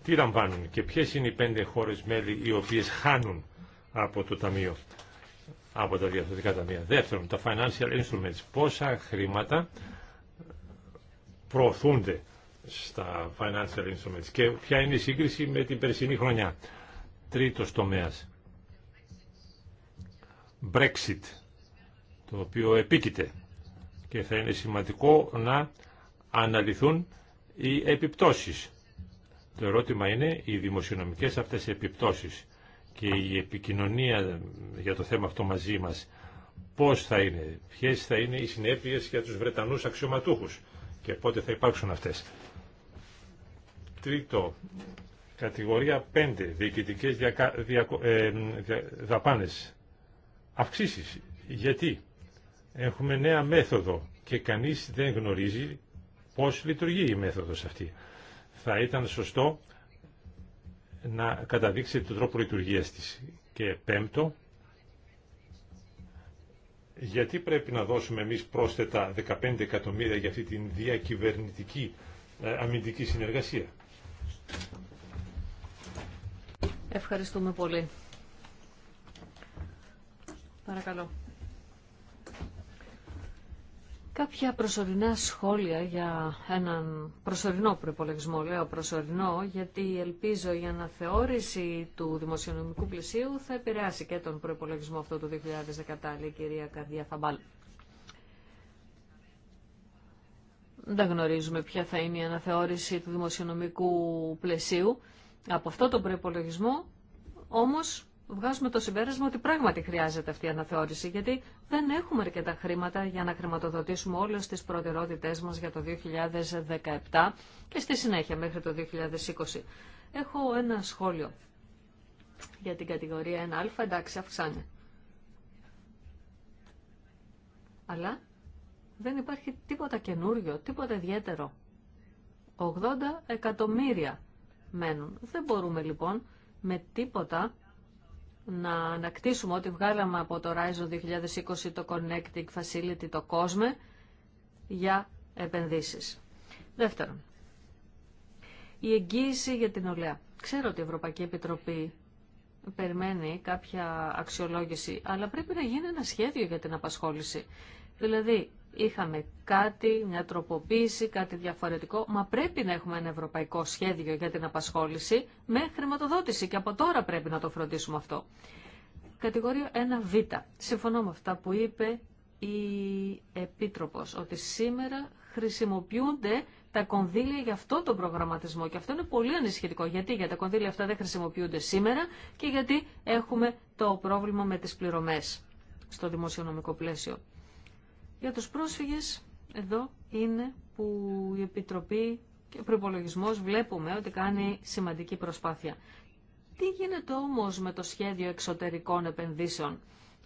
τι λαμβάνουν και ποιες είναι οι πέντε χώρες μέλη οι οποίες χάνουν από το ταμείο, από τα διαθετικά ταμεία. Δεύτερον, τα financial instruments. Πόσα χρήματα προωθούνται στα financial instruments και ποια είναι η σύγκριση με την περσινή χρονιά. Τρίτος τομέας. Brexit, το οποίο επίκειται και θα είναι σημαντικό να αναλυθούν οι επιπτώσεις. Το ερώτημα είναι οι δημοσιονομικές αυτές επιπτώσεις και η επικοινωνία για το θέμα αυτό μαζί μας. Πώς θα είναι, ποιες θα είναι οι συνέπειες για τους Βρετανούς αξιωματούχους και πότε θα υπάρξουν αυτές. Τρίτο Κατηγορία 5. Διοικητικές διακα... Ε, δια... δαπάνες. Αυξήσεις. Γιατί έχουμε νέα μέθοδο και κανείς δεν γνωρίζει πώς λειτουργεί η μέθοδος αυτή. Θα ήταν σωστό να καταδείξει τον τρόπο λειτουργίας της. Και πέμπτο, γιατί πρέπει να δώσουμε εμείς πρόσθετα 15 εκατομμύρια για αυτή την διακυβερνητική ε, αμυντική συνεργασία. Ευχαριστούμε πολύ. Παρακαλώ. Κάποια προσωρινά σχόλια για έναν προσωρινό προπολογισμό, λέω προσωρινό, γιατί ελπίζω η αναθεώρηση του δημοσιονομικού πλαισίου θα επηρεάσει και τον προπολογισμό αυτό του 2010, λέει η κυρία Καρδία Θαμπάλ. Δεν γνωρίζουμε ποια θα είναι η αναθεώρηση του δημοσιονομικού πλαισίου. Από αυτό τον προπολογισμό όμως βγάζουμε το συμπέρασμα ότι πράγματι χρειάζεται αυτή η αναθεώρηση, γιατί δεν έχουμε αρκετά χρήματα για να χρηματοδοτήσουμε όλες τις προτεραιότητές μας για το 2017 και στη συνέχεια μέχρι το 2020. Έχω ένα σχόλιο για την κατηγορία 1α, εντάξει αυξάνε. Αλλά δεν υπάρχει τίποτα καινούριο, τίποτα ιδιαίτερο. 80 εκατομμύρια μένουν. Δεν μπορούμε λοιπόν με τίποτα να ανακτήσουμε ό,τι βγάλαμε από το Horizon 2020, το Connecting Facility, το COSME για επενδύσεις. Δεύτερον, η εγγύηση για την ολέα. Ξέρω ότι η Ευρωπαϊκή Επιτροπή περιμένει κάποια αξιολόγηση, αλλά πρέπει να γίνει ένα σχέδιο για την απασχόληση. Δηλαδή, είχαμε κάτι, μια τροποποίηση, κάτι διαφορετικό, μα πρέπει να έχουμε ένα ευρωπαϊκό σχέδιο για την απασχόληση με χρηματοδότηση και από τώρα πρέπει να το φροντίσουμε αυτό. Κατηγορία 1β. Συμφωνώ με αυτά που είπε η Επίτροπος, ότι σήμερα χρησιμοποιούνται τα κονδύλια για αυτό τον προγραμματισμό. Και αυτό είναι πολύ ανησυχητικό. Γιατί για τα κονδύλια αυτά δεν χρησιμοποιούνται σήμερα και γιατί έχουμε το πρόβλημα με τις πληρωμές στο δημοσιονομικό πλαίσιο. Για τους πρόσφυγες εδώ είναι που η Επιτροπή και ο προπολογισμό βλέπουμε ότι κάνει σημαντική προσπάθεια. Τι γίνεται όμως με το σχέδιο εξωτερικών επενδύσεων,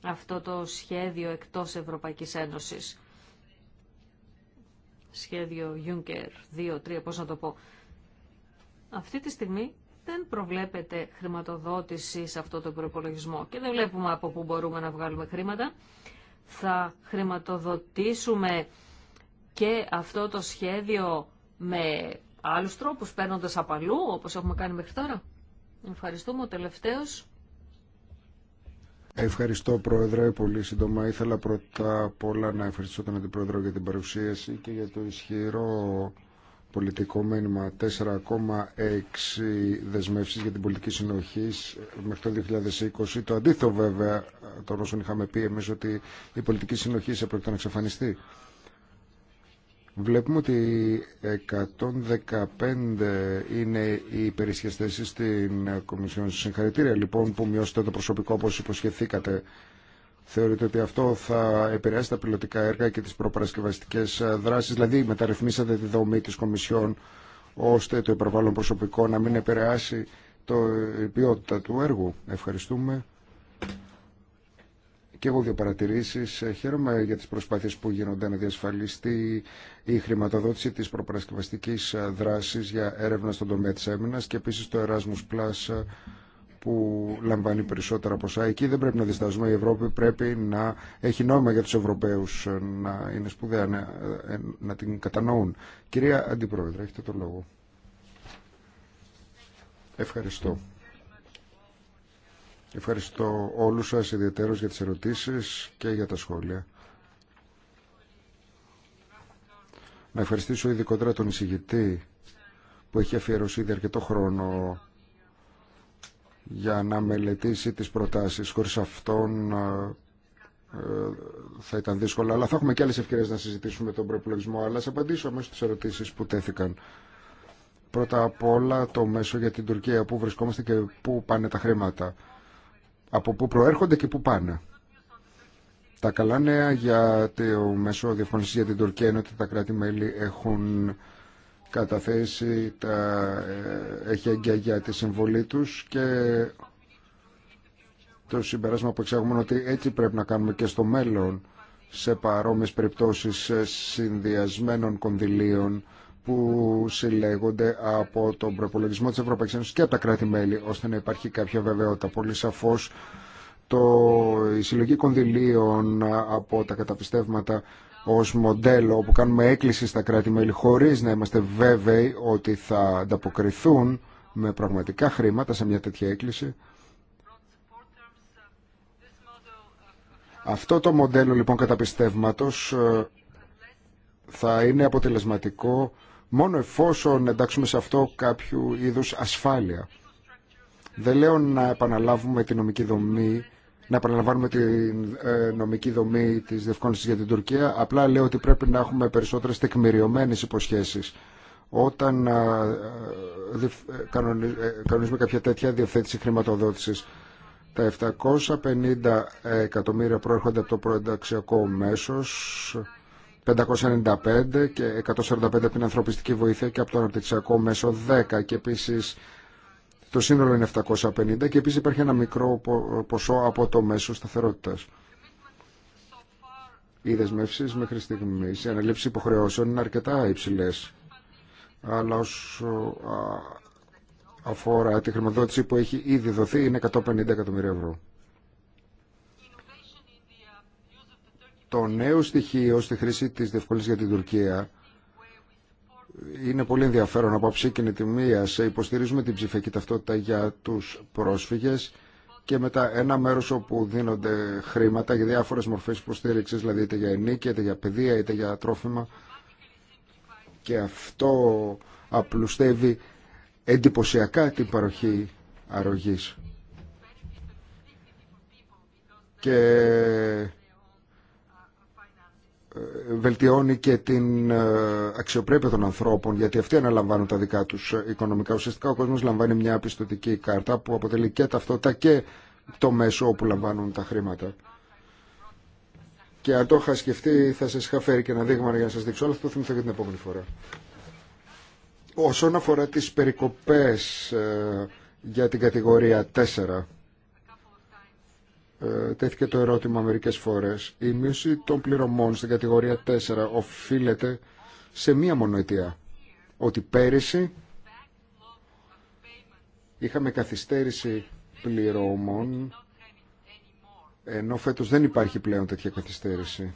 αυτό το σχέδιο εκτός Ευρωπαϊκής Ένωσης, σχέδιο Juncker 2-3, πώς να το πω. Αυτή τη στιγμή δεν προβλέπεται χρηματοδότηση σε αυτό το προπολογισμό και δεν βλέπουμε από πού μπορούμε να βγάλουμε χρήματα θα χρηματοδοτήσουμε και αυτό το σχέδιο με άλλους τρόπους, παίρνοντας απαλού, όπως έχουμε κάνει μέχρι τώρα. Ευχαριστούμε. Ο τελευταίος. Ευχαριστώ Πρόεδρε, πολύ σύντομα. Ήθελα πρώτα απ' όλα να ευχαριστήσω τον Αντιπρόεδρο για την παρουσίαση και για το ισχυρό πολιτικό μήνυμα 4,6 δεσμεύσει για την πολιτική συνοχή μέχρι το 2020. Το αντίθετο βέβαια των όσων είχαμε πει εμεί ότι η πολιτική συνοχή έπρεπε να εξαφανιστεί. Βλέπουμε ότι 115 είναι οι υπερισχεστές στην Κομισιόν. Συγχαρητήρια λοιπόν που μειώσετε το προσωπικό όπως υποσχεθήκατε. Θεωρείτε ότι αυτό θα επηρεάσει τα πιλωτικά έργα και τις προπαρασκευαστικές ε, δράσεις, δηλαδή μεταρρυθμίσατε τη δομή της Κομισιόν ώστε το υπερβάλλον προσωπικό να μην επηρεάσει το, η ποιότητα του έργου. Ευχαριστούμε. Και εγώ δύο παρατηρήσει. Ε, χαίρομαι για τι προσπάθειε που γίνονται να διασφαλιστεί η χρηματοδότηση τη προπαρασκευαστική ε, δράση για έρευνα στον τομέα τη έμεινας και επίση το Erasmus Plus που λαμβάνει περισσότερα ποσά. Εκεί δεν πρέπει να διστάζουμε. Η Ευρώπη πρέπει να έχει νόημα για τους Ευρωπαίους ε, να είναι σπουδαία, να, ε, να την κατανοούν. Κυρία Αντιπρόεδρε, έχετε το λόγο. Ευχαριστώ. Ευχαριστώ όλους σας ιδιαίτερως για τις ερωτήσεις και για τα σχόλια. Να ευχαριστήσω ειδικότερα τον εισηγητή που έχει αφιερώσει ήδη αρκετό χρόνο για να μελετήσει τις προτάσεις. Χωρίς αυτόν ε, ε, θα ήταν δύσκολο, αλλά θα έχουμε και άλλες ευκαιρίες να συζητήσουμε τον προπολογισμό, αλλά σε απαντήσω αμέσως στις ερωτήσεις που τέθηκαν. Πρώτα απ' όλα το μέσο για την Τουρκία, πού βρισκόμαστε και πού πάνε τα χρήματα, από πού προέρχονται και πού πάνε. Τα καλά νέα για το μέσο διαφωνησής για την Τουρκία είναι ότι τα κράτη-μέλη έχουν καταθέσει, τα εχέγγια για τη συμβολή τους και το συμπεράσμα που εξάγουμε ότι έτσι πρέπει να κάνουμε και στο μέλλον σε παρόμοιες περιπτώσεις συνδυασμένων κονδυλίων που συλλέγονται από τον προπολογισμό της Ευρωπαϊκής Ένωσης και από τα κράτη-μέλη, ώστε να υπάρχει κάποια βεβαιότητα. Πολύ σαφώς το, η συλλογή κονδυλίων από τα καταπιστεύματα ως μοντέλο όπου κάνουμε έκκληση στα κράτη-μέλη χωρίς να είμαστε βέβαιοι ότι θα ανταποκριθούν με πραγματικά χρήματα σε μια τέτοια έκκληση. Αυτό το μοντέλο λοιπόν καταπιστεύματος ε, θα είναι αποτελεσματικό μόνο εφόσον εντάξουμε σε αυτό κάποιο είδους ασφάλεια. Δεν λέω να επαναλάβουμε την νομική δομή να επαναλαμβάνουμε την ε, νομική δομή τη διευκόλυνση για την Τουρκία. Απλά λέω ότι πρέπει να έχουμε περισσότερε τεκμηριωμένε υποσχέσει. Όταν ε, ε, κανονίζουμε κάποια τέτοια διευθέτηση χρηματοδότηση, τα 750 εκατομμύρια προέρχονται από το προενταξιακό μέσο, 595 και 145 από την ανθρωπιστική βοήθεια και από το αναπτυξιακό μέσο 10 και επίσης το σύνολο είναι 750 και επίσης υπάρχει ένα μικρό ποσό από το μέσο σταθερότητας. Οι δεσμεύσει μέχρι στιγμή, οι αναλήψει υποχρεώσεων είναι αρκετά υψηλέ. Αλλά όσο αφορά τη χρηματοδότηση που έχει ήδη δοθεί, είναι 150 εκατομμύρια ευρώ. Το νέο στοιχείο στη χρήση της διευκολύνση για την Τουρκία είναι πολύ ενδιαφέρον από τιμία σε Υποστηρίζουμε την ψηφιακή ταυτότητα για τους πρόσφυγες και μετά ένα μέρος όπου δίνονται χρήματα για διάφορες μορφές υποστήριξης, δηλαδή είτε για ενίκη, είτε για παιδεία, είτε για τρόφιμα. Και αυτό απλουστεύει εντυπωσιακά την παροχή αρρωγής. Και ε, βελτιώνει και την ε, αξιοπρέπεια των ανθρώπων γιατί αυτοί αναλαμβάνουν τα δικά τους ε, οικονομικά. Ουσιαστικά ο κόσμος λαμβάνει μια πιστοτική κάρτα που αποτελεί και ταυτότητα και το μέσο όπου λαμβάνουν τα χρήματα. Και αν το είχα σκεφτεί θα σας είχα φέρει και ένα δείγμα για να σας δείξω, αλλά θα το θυμηθώ για την επόμενη φορά. Όσον αφορά τις περικοπές για την κατηγορία 4, ε, τέθηκε το ερώτημα μερικές φορές. Η μείωση των πληρωμών στην κατηγορία 4 οφείλεται σε μία μόνο αιτία. Ότι πέρυσι είχαμε καθυστέρηση πληρωμών ενώ φέτος δεν υπάρχει πλέον τέτοια καθυστέρηση.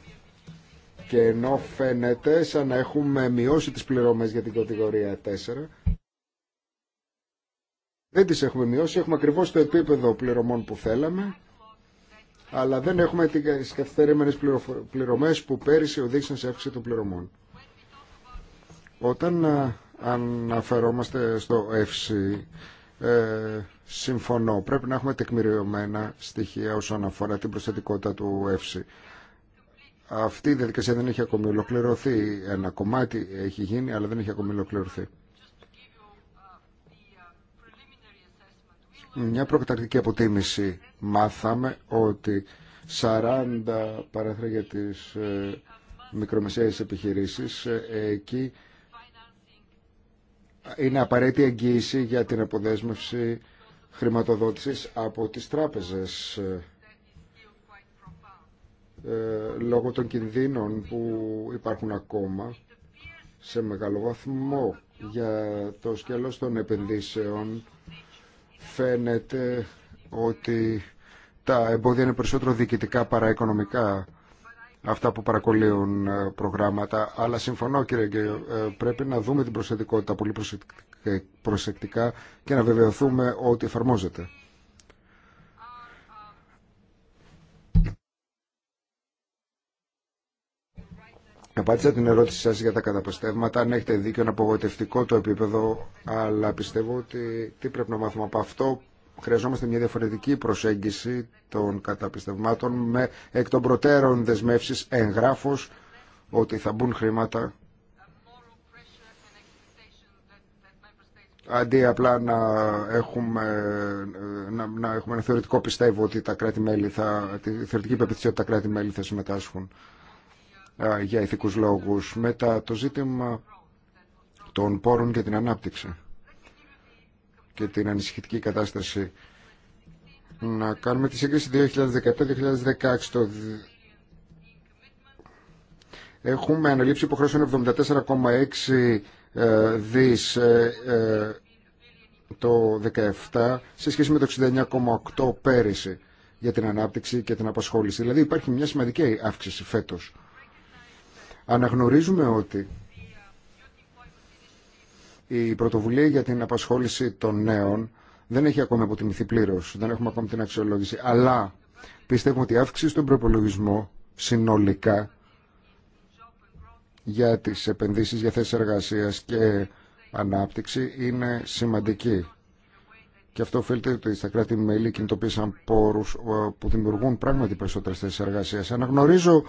Και ενώ φαίνεται σαν να έχουμε μειώσει τις πληρωμές για την κατηγορία 4, δεν τις έχουμε μειώσει, έχουμε ακριβώς το επίπεδο πληρωμών που θέλαμε αλλά δεν έχουμε τις καθυστερημένες πληρωμές που πέρυσι οδήγησαν σε αύξηση των πληρωμών. Όταν αναφερόμαστε στο ΕΦΣΥ, ε, συμφωνώ, πρέπει να έχουμε τεκμηριωμένα στοιχεία όσον αφορά την προσθετικότητα του ΕΦΣΥ. Αυτή η διαδικασία δεν έχει ακόμη ολοκληρωθεί. Ένα κομμάτι έχει γίνει, αλλά δεν έχει ακόμη ολοκληρωθεί. μια προκαταρκτική αποτίμηση μάθαμε ότι 40 παράθυρα για τις ε, μικρομεσαίες επιχειρήσεις ε, εκεί είναι απαραίτητη εγγύηση για την αποδέσμευση χρηματοδότησης από τις τράπεζες ε, λόγω των κινδύνων που υπάρχουν ακόμα σε μεγάλο βαθμό για το σκέλος των επενδύσεων φαίνεται ότι τα εμπόδια είναι περισσότερο διοικητικά παρά οικονομικά αυτά που παρακολύουν ε, προγράμματα. Αλλά συμφωνώ κύριε και ε, πρέπει να δούμε την προσεκτικότητα πολύ ε, προσεκτικά και να βεβαιωθούμε ότι εφαρμόζεται. Απάντησα την ερώτηση σας για τα καταπιστεύματα, Αν έχετε δίκιο, είναι απογοητευτικό το επίπεδο, αλλά πιστεύω ότι τι πρέπει να μάθουμε από αυτό. Χρειαζόμαστε μια διαφορετική προσέγγιση των καταπιστευμάτων με εκ των προτέρων δεσμεύσεις εγγράφως ότι θα μπουν χρήματα αντί απλά να έχουμε, να, έχουμε ένα θεωρητικό πιστεύω ότι τα κράτη-μέλη θα, θεωρητική ότι τα κράτη-μέλη θα συμμετάσχουν για ηθικούς λόγους. Μετά το ζήτημα των πόρων και την ανάπτυξη και την ανησυχητική κατάσταση. Να κάνουμε τη σύγκριση 2017-2016. Το... Έχουμε αναλήψει υποχρεώσεων 74,6 ε, δις ε, ε, το 2017 σε σχέση με το 69,8 πέρυσι για την ανάπτυξη και την απασχόληση. Δηλαδή υπάρχει μια σημαντική αύξηση φέτος. Αναγνωρίζουμε ότι η πρωτοβουλία για την απασχόληση των νέων δεν έχει ακόμη αποτιμηθεί πλήρω. Δεν έχουμε ακόμη την αξιολόγηση. Αλλά πιστεύουμε ότι η αύξηση στον προπολογισμό συνολικά για τις επενδύσεις για θέσεις εργασία και ανάπτυξη είναι σημαντική. Και αυτό οφείλεται ότι στα κράτη-μέλη κινητοποίησαν πόρου ε, που δημιουργούν πράγματι περισσότερε θέσει εργασία. Αναγνωρίζω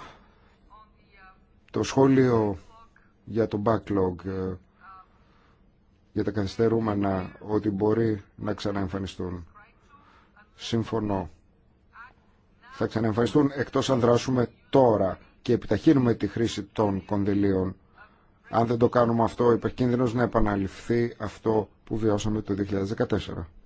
το σχόλιο για το backlog, ε, για τα καθυστερούμενα, ότι μπορεί να ξαναεμφανιστούν. Συμφωνώ. Θα ξαναεμφανιστούν εκτός αν δράσουμε τώρα και επιταχύνουμε τη χρήση των κονδυλίων. Αν δεν το κάνουμε αυτό, υπάρχει κίνδυνος να επαναληφθεί αυτό που βιώσαμε το 2014.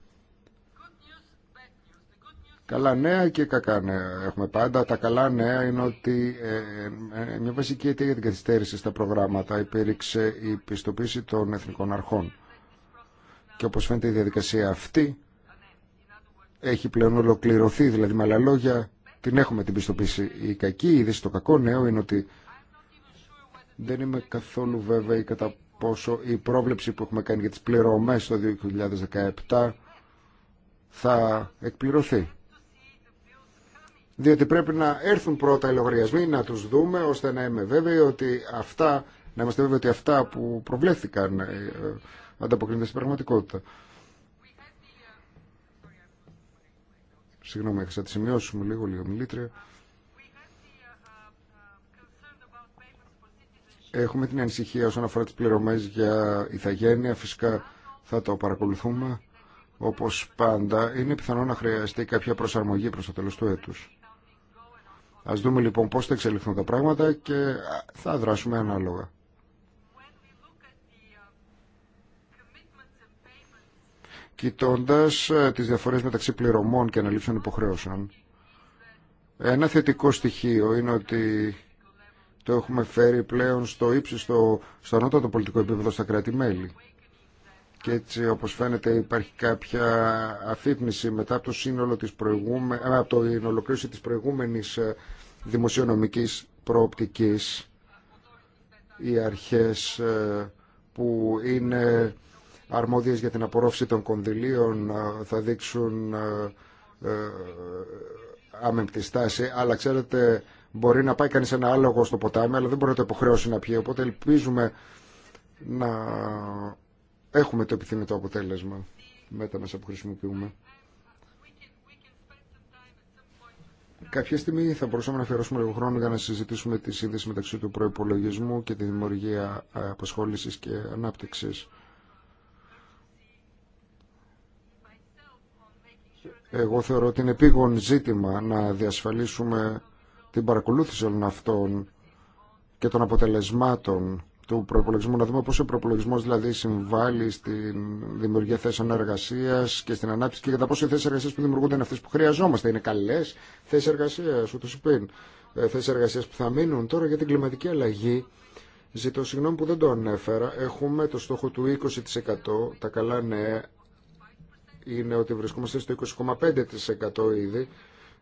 Καλά νέα και κακά νέα έχουμε πάντα. Τα καλά νέα είναι ότι ε, ε, ε, μια βασική αιτία για την καθυστέρηση στα προγράμματα υπήρξε η πιστοποίηση των εθνικών αρχών. Και όπως φαίνεται η διαδικασία αυτή έχει πλέον ολοκληρωθεί, δηλαδή με άλλα λόγια την έχουμε την πιστοποίηση. Η κακή είδηση, το κακό νέο είναι ότι δεν είμαι καθόλου βέβαιη κατά πόσο η πρόβλεψη που έχουμε κάνει για τις πληρωμές το 2017 θα εκπληρωθεί διότι πρέπει να έρθουν πρώτα οι λογαριασμοί, να τους δούμε, ώστε να είμαι βέβαιοι ότι αυτά, να είμαστε βέβαιοι ότι αυτά που προβλέφθηκαν ε, ε, ανταποκρίνονται στην πραγματικότητα. Συγγνώμη, θα τη σημειώσουμε λίγο, λίγο μιλήτρια. Έχουμε την ανησυχία όσον αφορά τις πληρωμές για ηθαγένεια. Φυσικά θα το παρακολουθούμε. Όπως πάντα, είναι πιθανό να χρειαστεί κάποια προσαρμογή προς το τέλος του έτους. Ας δούμε λοιπόν πώς θα εξελιχθούν τα πράγματα και θα δράσουμε ανάλογα. Κοιτώντας ε, τις διαφορές μεταξύ πληρωμών και αναλήψεων υποχρεώσεων, ένα θετικό στοιχείο είναι ότι το έχουμε φέρει πλέον στο ύψιστο, στο ανώτατο πολιτικό επίπεδο στα κράτη-μέλη και έτσι όπως φαίνεται υπάρχει κάποια αφύπνιση μετά από το σύνολο της ε, από το, την ολοκλήρωση της προηγούμενης ε, δημοσιονομικής προοπτικής οι αρχές ε, που είναι αρμόδιες για την απορρόφηση των κονδυλίων θα δείξουν άμεμπτη στάση αλλά ξέρετε μπορεί να πάει κανείς ένα άλογο στο ποτάμι αλλά δεν μπορεί να το υποχρεώσει να πιει οπότε ελπίζουμε να έχουμε το επιθυμητό αποτέλεσμα με τα μέσα που χρησιμοποιούμε. Κάποια στιγμή θα μπορούσαμε να αφιερώσουμε λίγο χρόνο για να συζητήσουμε τη σύνδεση μεταξύ του προπολογισμού και τη δημιουργία απασχόληση και ανάπτυξη. Εγώ θεωρώ ότι είναι επίγον ζήτημα να διασφαλίσουμε την παρακολούθηση όλων αυτών και των αποτελεσμάτων του προπολογισμού, να δούμε πω ο προπολογισμό δηλαδή συμβάλλει στην δημιουργία θέσεων εργασία και στην ανάπτυξη και κατά πόσο οι θέσει εργασία που δημιουργούνται είναι αυτέ που χρειαζόμαστε. Είναι καλέ θέσει εργασία, ούτω ή ε, Θέσει εργασία που θα μείνουν τώρα για την κλιματική αλλαγή. Ζητώ συγγνώμη που δεν το ανέφερα. Έχουμε το στόχο του 20%. Τα καλά νέα είναι ότι βρισκόμαστε στο 20,5% ήδη.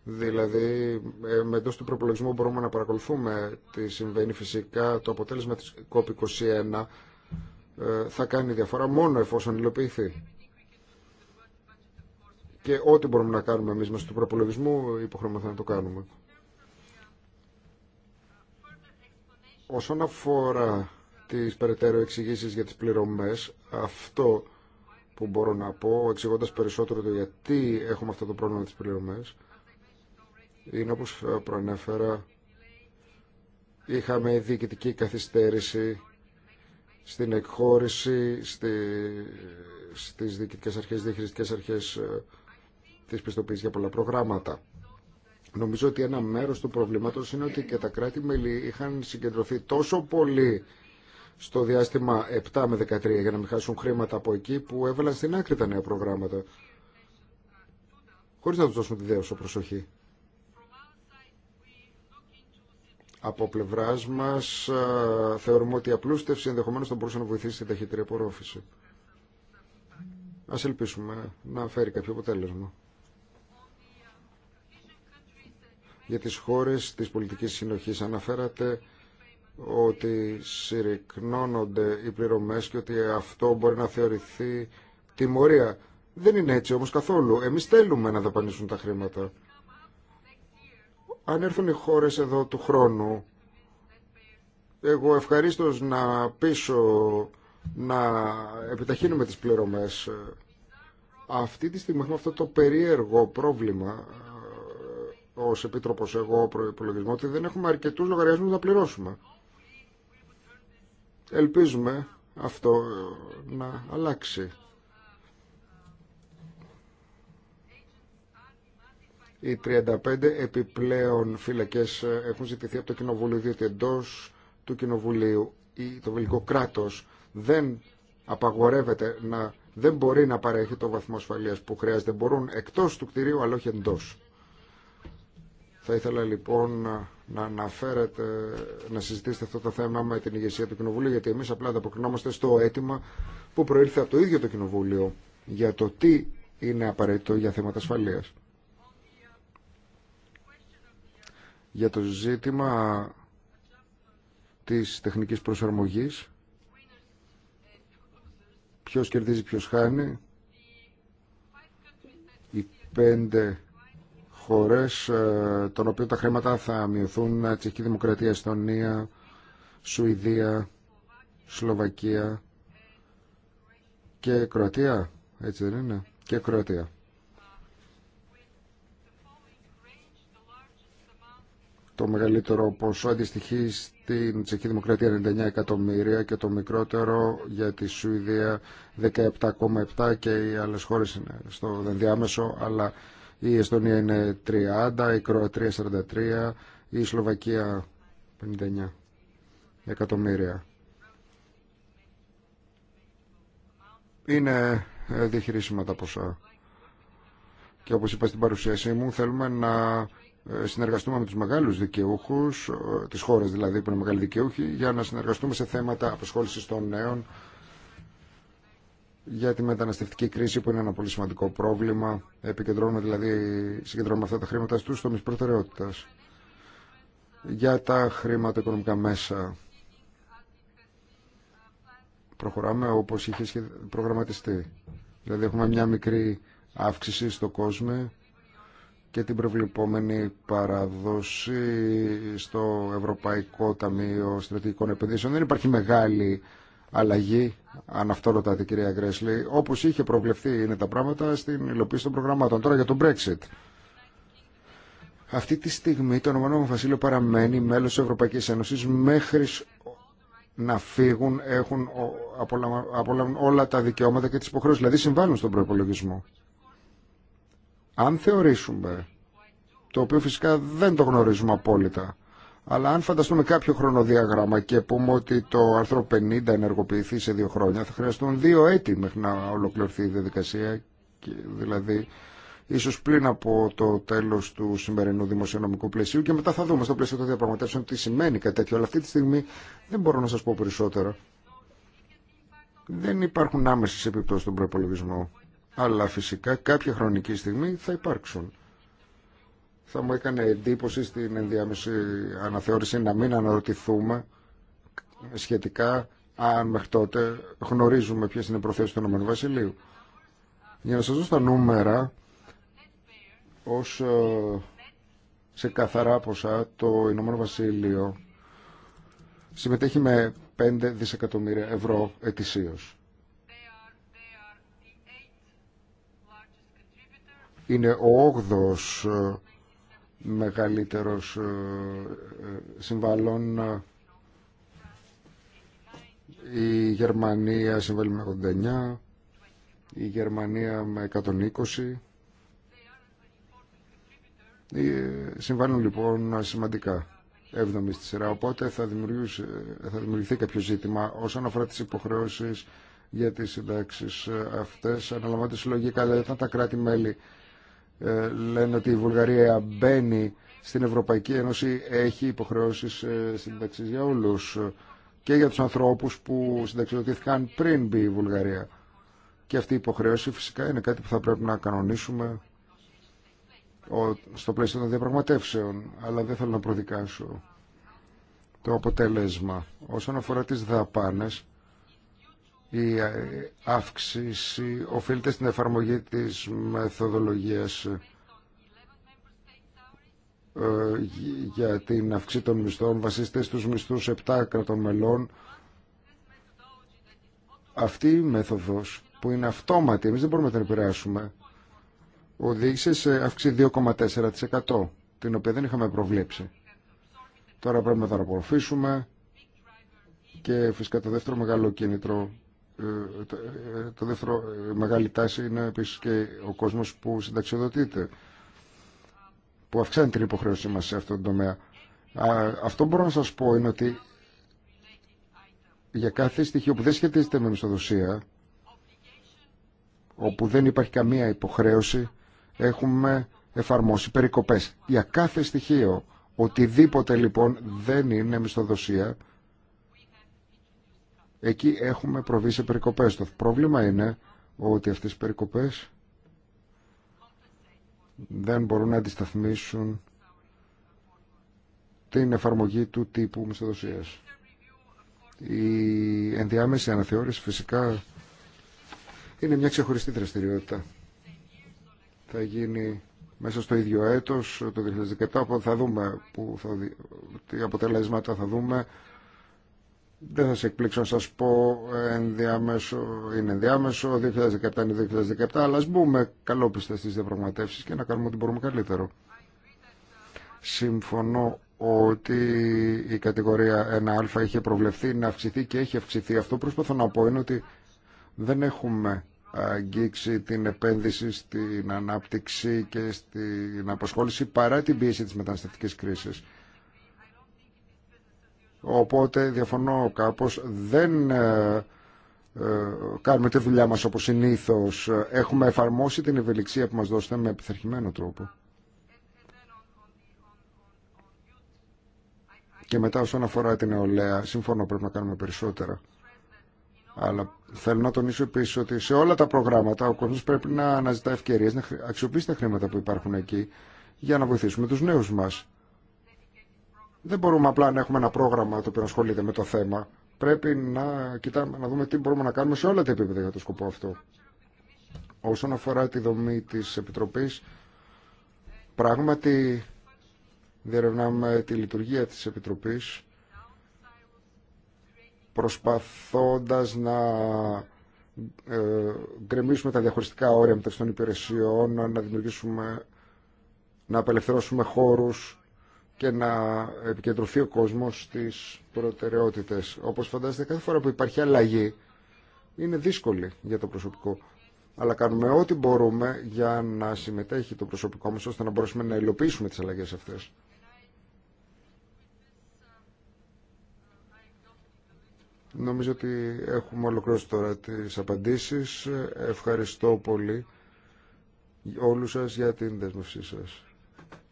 Δηλαδή, ε, με εντό του προπολογισμού μπορούμε να παρακολουθούμε τι συμβαίνει φυσικά. Το αποτέλεσμα τη COP21 ε, θα κάνει διαφορά μόνο εφόσον υλοποιηθεί. Και ό,τι μπορούμε να κάνουμε εμεί μέσα του προπολογισμού, υποχρεωμένοι να το κάνουμε. Όσον αφορά τι περαιτέρω εξηγήσει για τι πληρωμέ, αυτό που μπορώ να πω, εξηγώντα περισσότερο το γιατί έχουμε αυτό το πρόβλημα με τις πληρωμές, είναι όπως ε, προανέφερα είχαμε διοικητική καθυστέρηση στην εκχώρηση στη, στις διοικητικές αρχές, διαχειριστικές αρχές ε, της πιστοποίησης για πολλά προγράμματα. Νομίζω ότι ένα μέρος του προβλήματος είναι ότι και τα κράτη-μέλη είχαν συγκεντρωθεί τόσο πολύ στο διάστημα 7 με 13 για να μην χάσουν χρήματα από εκεί που έβαλαν στην άκρη τα νέα προγράμματα χωρίς να τους δώσουν τη δέωσο προσοχή. Από πλευρά μα, θεωρούμε ότι η απλούστευση ενδεχομένω θα μπορούσε να βοηθήσει την ταχύτερη απορρόφηση. Α ελπίσουμε να φέρει κάποιο αποτέλεσμα. Για τις χώρες της πολιτικής συνοχής αναφέρατε ότι συρρυκνώνονται οι πληρωμές και ότι αυτό μπορεί να θεωρηθεί τιμωρία. Δεν είναι έτσι όμως καθόλου. Εμείς θέλουμε να δαπανίσουν τα χρήματα. Αν έρθουν οι χώρες εδώ του χρόνου, εγώ ευχαρίστως να πείσω να επιταχύνουμε τις πληρωμές. Αυτή τη στιγμή έχουμε αυτό το περίεργο πρόβλημα ε, ως Επίτροπος εγώ προπολογισμό ότι δεν έχουμε αρκετούς λογαριασμούς να πληρώσουμε. Ελπίζουμε αυτό ε, να αλλάξει. Οι 35 επιπλέον φυλακέ ε, έχουν ζητηθεί από το Κοινοβούλιο διότι εντό του Κοινοβουλίου το βελικό κράτο δεν απαγορεύεται να δεν μπορεί να παρέχει το βαθμό ασφαλείας που χρειάζεται. Μπορούν εκτός του κτηρίου αλλά όχι εντός. Θα ήθελα λοιπόν να αναφέρετε, να συζητήσετε αυτό το θέμα με την ηγεσία του Κοινοβουλίου, γιατί εμείς απλά ανταποκρινόμαστε στο αίτημα που προήλθε από το ίδιο το Κοινοβούλιο για το τι είναι απαραίτητο για θέματα ασφαλείας. Για το ζήτημα της τεχνικής προσαρμογής, ποιος κερδίζει, ποιος χάνει, οι πέντε χώρες ε, των οποίων τα χρήματα θα μειωθούν, ε, Τσεχική Δημοκρατία, Εστονία, Σουηδία, Σλοβακία και Κροατία, έτσι δεν είναι, και Κροατία. Το μεγαλύτερο ποσό αντιστοιχεί στην Τσεχή Δημοκρατία 99 εκατομμύρια και το μικρότερο για τη Σουηδία 17,7 και οι άλλες χώρες είναι στο ενδιάμεσο, αλλά η Εστονία είναι 30, η Κροατρία 43, η Σλοβακία 59 εκατομμύρια. Είναι ε, διαχειρίσιμα τα ποσά. Και όπως είπα στην παρουσίασή μου, θέλουμε να ε, συνεργαστούμε με τους μεγάλους δικαιούχους, ε, της χώρας δηλαδή που είναι μεγάλοι δικαιούχοι, για να συνεργαστούμε σε θέματα απασχόλησης των νέων για τη μεταναστευτική κρίση που είναι ένα πολύ σημαντικό πρόβλημα. Επικεντρώνουμε δηλαδή, συγκεντρώνουμε αυτά τα χρήματα στους τομείς προτεραιότητας. Για τα χρήματα οικονομικά μέσα προχωράμε όπως είχε προγραμματιστεί. Δηλαδή έχουμε μια μικρή αύξηση στο κόσμο και την προβλεπόμενη παραδόση στο Ευρωπαϊκό Ταμείο Στρατηγικών Επενδύσεων. Δεν υπάρχει μεγάλη αλλαγή, αν αυτό ρωτάτε κυρία Γκρέσλη, όπως είχε προβλεφθεί είναι τα πράγματα στην υλοποίηση των προγραμμάτων. Τώρα για το Brexit. Αυτή τη στιγμή το Ηνωμένο Βασίλειο παραμένει μέλος της Ευρωπαϊκής Ένωσης μέχρι να φύγουν, έχουν απολαμβάνουν όλα τα δικαιώματα και τις υποχρεώσεις, δηλαδή συμβάλλουν στον προπολογισμό. Αν θεωρήσουμε, το οποίο φυσικά δεν το γνωρίζουμε απόλυτα, αλλά αν φανταστούμε κάποιο χρονοδιαγράμμα και πούμε ότι το άρθρο 50 ενεργοποιηθεί σε δύο χρόνια, θα χρειαστούν δύο έτη μέχρι να ολοκληρωθεί η διαδικασία, και δηλαδή ίσως πλην από το τέλος του σημερινού δημοσιονομικού πλαισίου και μετά θα δούμε στο πλαίσιο των διαπραγματεύσεων τι σημαίνει κάτι τέτοιο. Αλλά αυτή τη στιγμή δεν μπορώ να σας πω περισσότερα. Δεν υπάρχουν άμεσες επιπτώσεις στον προπολογισμό αλλά φυσικά κάποια χρονική στιγμή θα υπάρξουν. Θα μου έκανε εντύπωση στην ενδιάμεση αναθεώρηση να μην αναρωτηθούμε σχετικά αν μέχρι τότε γνωρίζουμε ποιες είναι οι προθέσεις του Ηνωμένου Βασιλείου. Για να σας δώσω τα νούμερα, ως ε, σε καθαρά ποσά το Ηνωμένο Βασίλειο συμμετέχει με 5 δισεκατομμύρια ευρώ ετησίως. είναι ο όγδος ε, μεγαλύτερος ε, ε, συμβάλλον η Γερμανία συμβάλλει με 89 η Γερμανία με 120 συμβάλλουν λοιπόν σημαντικά 7 στη σειρά οπότε θα, θα δημιουργηθεί κάποιο ζήτημα όσον αφορά τις υποχρεώσεις για τις συντάξεις αυτές αναλαμβάνονται συλλογικά δηλαδή θα τα κράτη-μέλη ε, λένε ότι η Βουλγαρία μπαίνει στην Ευρωπαϊκή Ένωση, έχει υποχρεώσεις ε, συνταξής για όλους και για τους ανθρώπους που συνταξιδοτήθηκαν πριν μπει η Βουλγαρία. Και αυτή η υποχρέωση φυσικά είναι κάτι που θα πρέπει να κανονίσουμε στο πλαίσιο των διαπραγματεύσεων, αλλά δεν θέλω να προδικάσω το αποτέλεσμα. Όσον αφορά τις δαπάνες, η ε, αύξηση οφείλεται στην εφαρμογή της μεθοδολογίας ε, για την αύξηση των μισθών βασίστες στους μισθούς 7 κρατών μελών. Αυτή η μέθοδος που είναι αυτόματη, εμείς δεν μπορούμε να την επηρεάσουμε, οδήγησε σε αύξηση 2,4% την οποία δεν είχαμε προβλέψει. Τώρα πρέπει να τα και φυσικά το δεύτερο μεγάλο κίνητρο ε, ε, το δεύτερο ε, μεγάλη τάση είναι επίσης και ο κόσμος που συνταξιοδοτείται, που αυξάνει την υποχρέωσή μας σε αυτόν τον τομέα. Αυτό μπορώ να σας πω είναι ότι για κάθε στοιχείο που δεν σχετίζεται με μισθοδοσία, όπου δεν υπάρχει καμία υποχρέωση, έχουμε εφαρμόσει περικοπές. Για κάθε στοιχείο, οτιδήποτε λοιπόν δεν είναι μισθοδοσία, Εκεί έχουμε προβεί σε περικοπές. Το πρόβλημα είναι ότι αυτές οι περικοπές δεν μπορούν να αντισταθμίσουν την εφαρμογή του τύπου μισθοδοσίας. Η ενδιάμεση αναθεώρηση φυσικά είναι μια ξεχωριστή δραστηριότητα. Θα γίνει μέσα στο ίδιο έτος, το 2017, θα δούμε που θα, τι αποτελέσματα θα δούμε, δεν θα σε εκπλήξω να σας πω, ε, ενδιάμεσο, είναι ενδιάμεσο, 2017 είναι 2017, αλλά ας μπούμε καλόπιστα στις διαπραγματεύσεις και να κάνουμε ό,τι μπορούμε καλύτερο. Συμφωνώ ότι η κατηγορία 1α είχε προβλεφθεί να αυξηθεί και έχει αυξηθεί. Αυτό που προσπαθώ να πω είναι ότι δεν έχουμε αγγίξει την επένδυση στην ανάπτυξη και στην απασχόληση παρά την πίεση της μεταναστευτικής κρίσης. Οπότε διαφωνώ κάπως, δεν ε, ε, κάνουμε τη δουλειά μας όπως συνήθως. Έχουμε εφαρμόσει την ευελιξία που μας δώσετε με επιθερχημένο τρόπο. Και μετά όσον αφορά την νεολαία, συμφωνώ πρέπει να κάνουμε περισσότερα. Αλλά θέλω να τονίσω επίση ότι σε όλα τα προγράμματα ο κόσμο πρέπει να αναζητά ευκαιρίε να αξιοποιήσει τα χρήματα που υπάρχουν εκεί για να βοηθήσουμε του νέου μα. Δεν μπορούμε απλά να έχουμε ένα πρόγραμμα το οποίο ασχολείται με το θέμα. Πρέπει να κοιτάμε, να δούμε τι μπορούμε να κάνουμε σε όλα τα επίπεδα για το σκοπό αυτό. Όσον αφορά τη δομή της Επιτροπής, πράγματι διερευνάμε τη λειτουργία της Επιτροπής προσπαθώντας να ε, γκρεμίσουμε τα διαχωριστικά όρια μεταξύ των υπηρεσιών, να δημιουργήσουμε, να απελευθερώσουμε χώρους και να επικεντρωθεί ο κόσμος στις προτεραιότητες. Όπως φαντάζεστε κάθε φορά που υπάρχει αλλαγή είναι δύσκολη για το προσωπικό. Αλλά κάνουμε ό,τι μπορούμε για να συμμετέχει το προσωπικό μας ώστε να μπορέσουμε να υλοποιήσουμε τις αλλαγές αυτές. Νομίζω ότι έχουμε ολοκληρώσει τώρα τις απαντήσεις. Ευχαριστώ πολύ όλους σας για την δέσμευσή σας.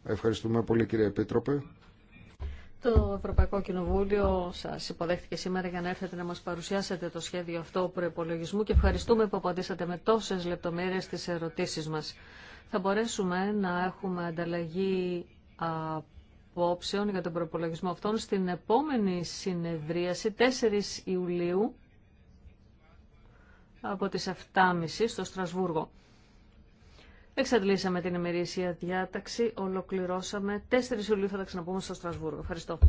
Ευχαριστούμε πολύ κύριε Επίτροπε. Το Ευρωπαϊκό Κοινοβούλιο σα υποδέχτηκε σήμερα για να έρθετε να μας παρουσιάσετε το σχέδιο αυτό προπολογισμού και ευχαριστούμε που απαντήσατε με τόσες λεπτομέρειες στις ερωτήσεις μας. Θα μπορέσουμε να έχουμε ανταλλαγή απόψεων για τον προπολογισμό αυτών στην επόμενη συνεδρίαση 4 Ιουλίου από τις 7.30 στο Στρασβούργο. Εξαντλήσαμε την ημερήσια διάταξη, ολοκληρώσαμε. 4 Ιουλίου θα τα ξαναπούμε στο Στρασβούργο. Ευχαριστώ.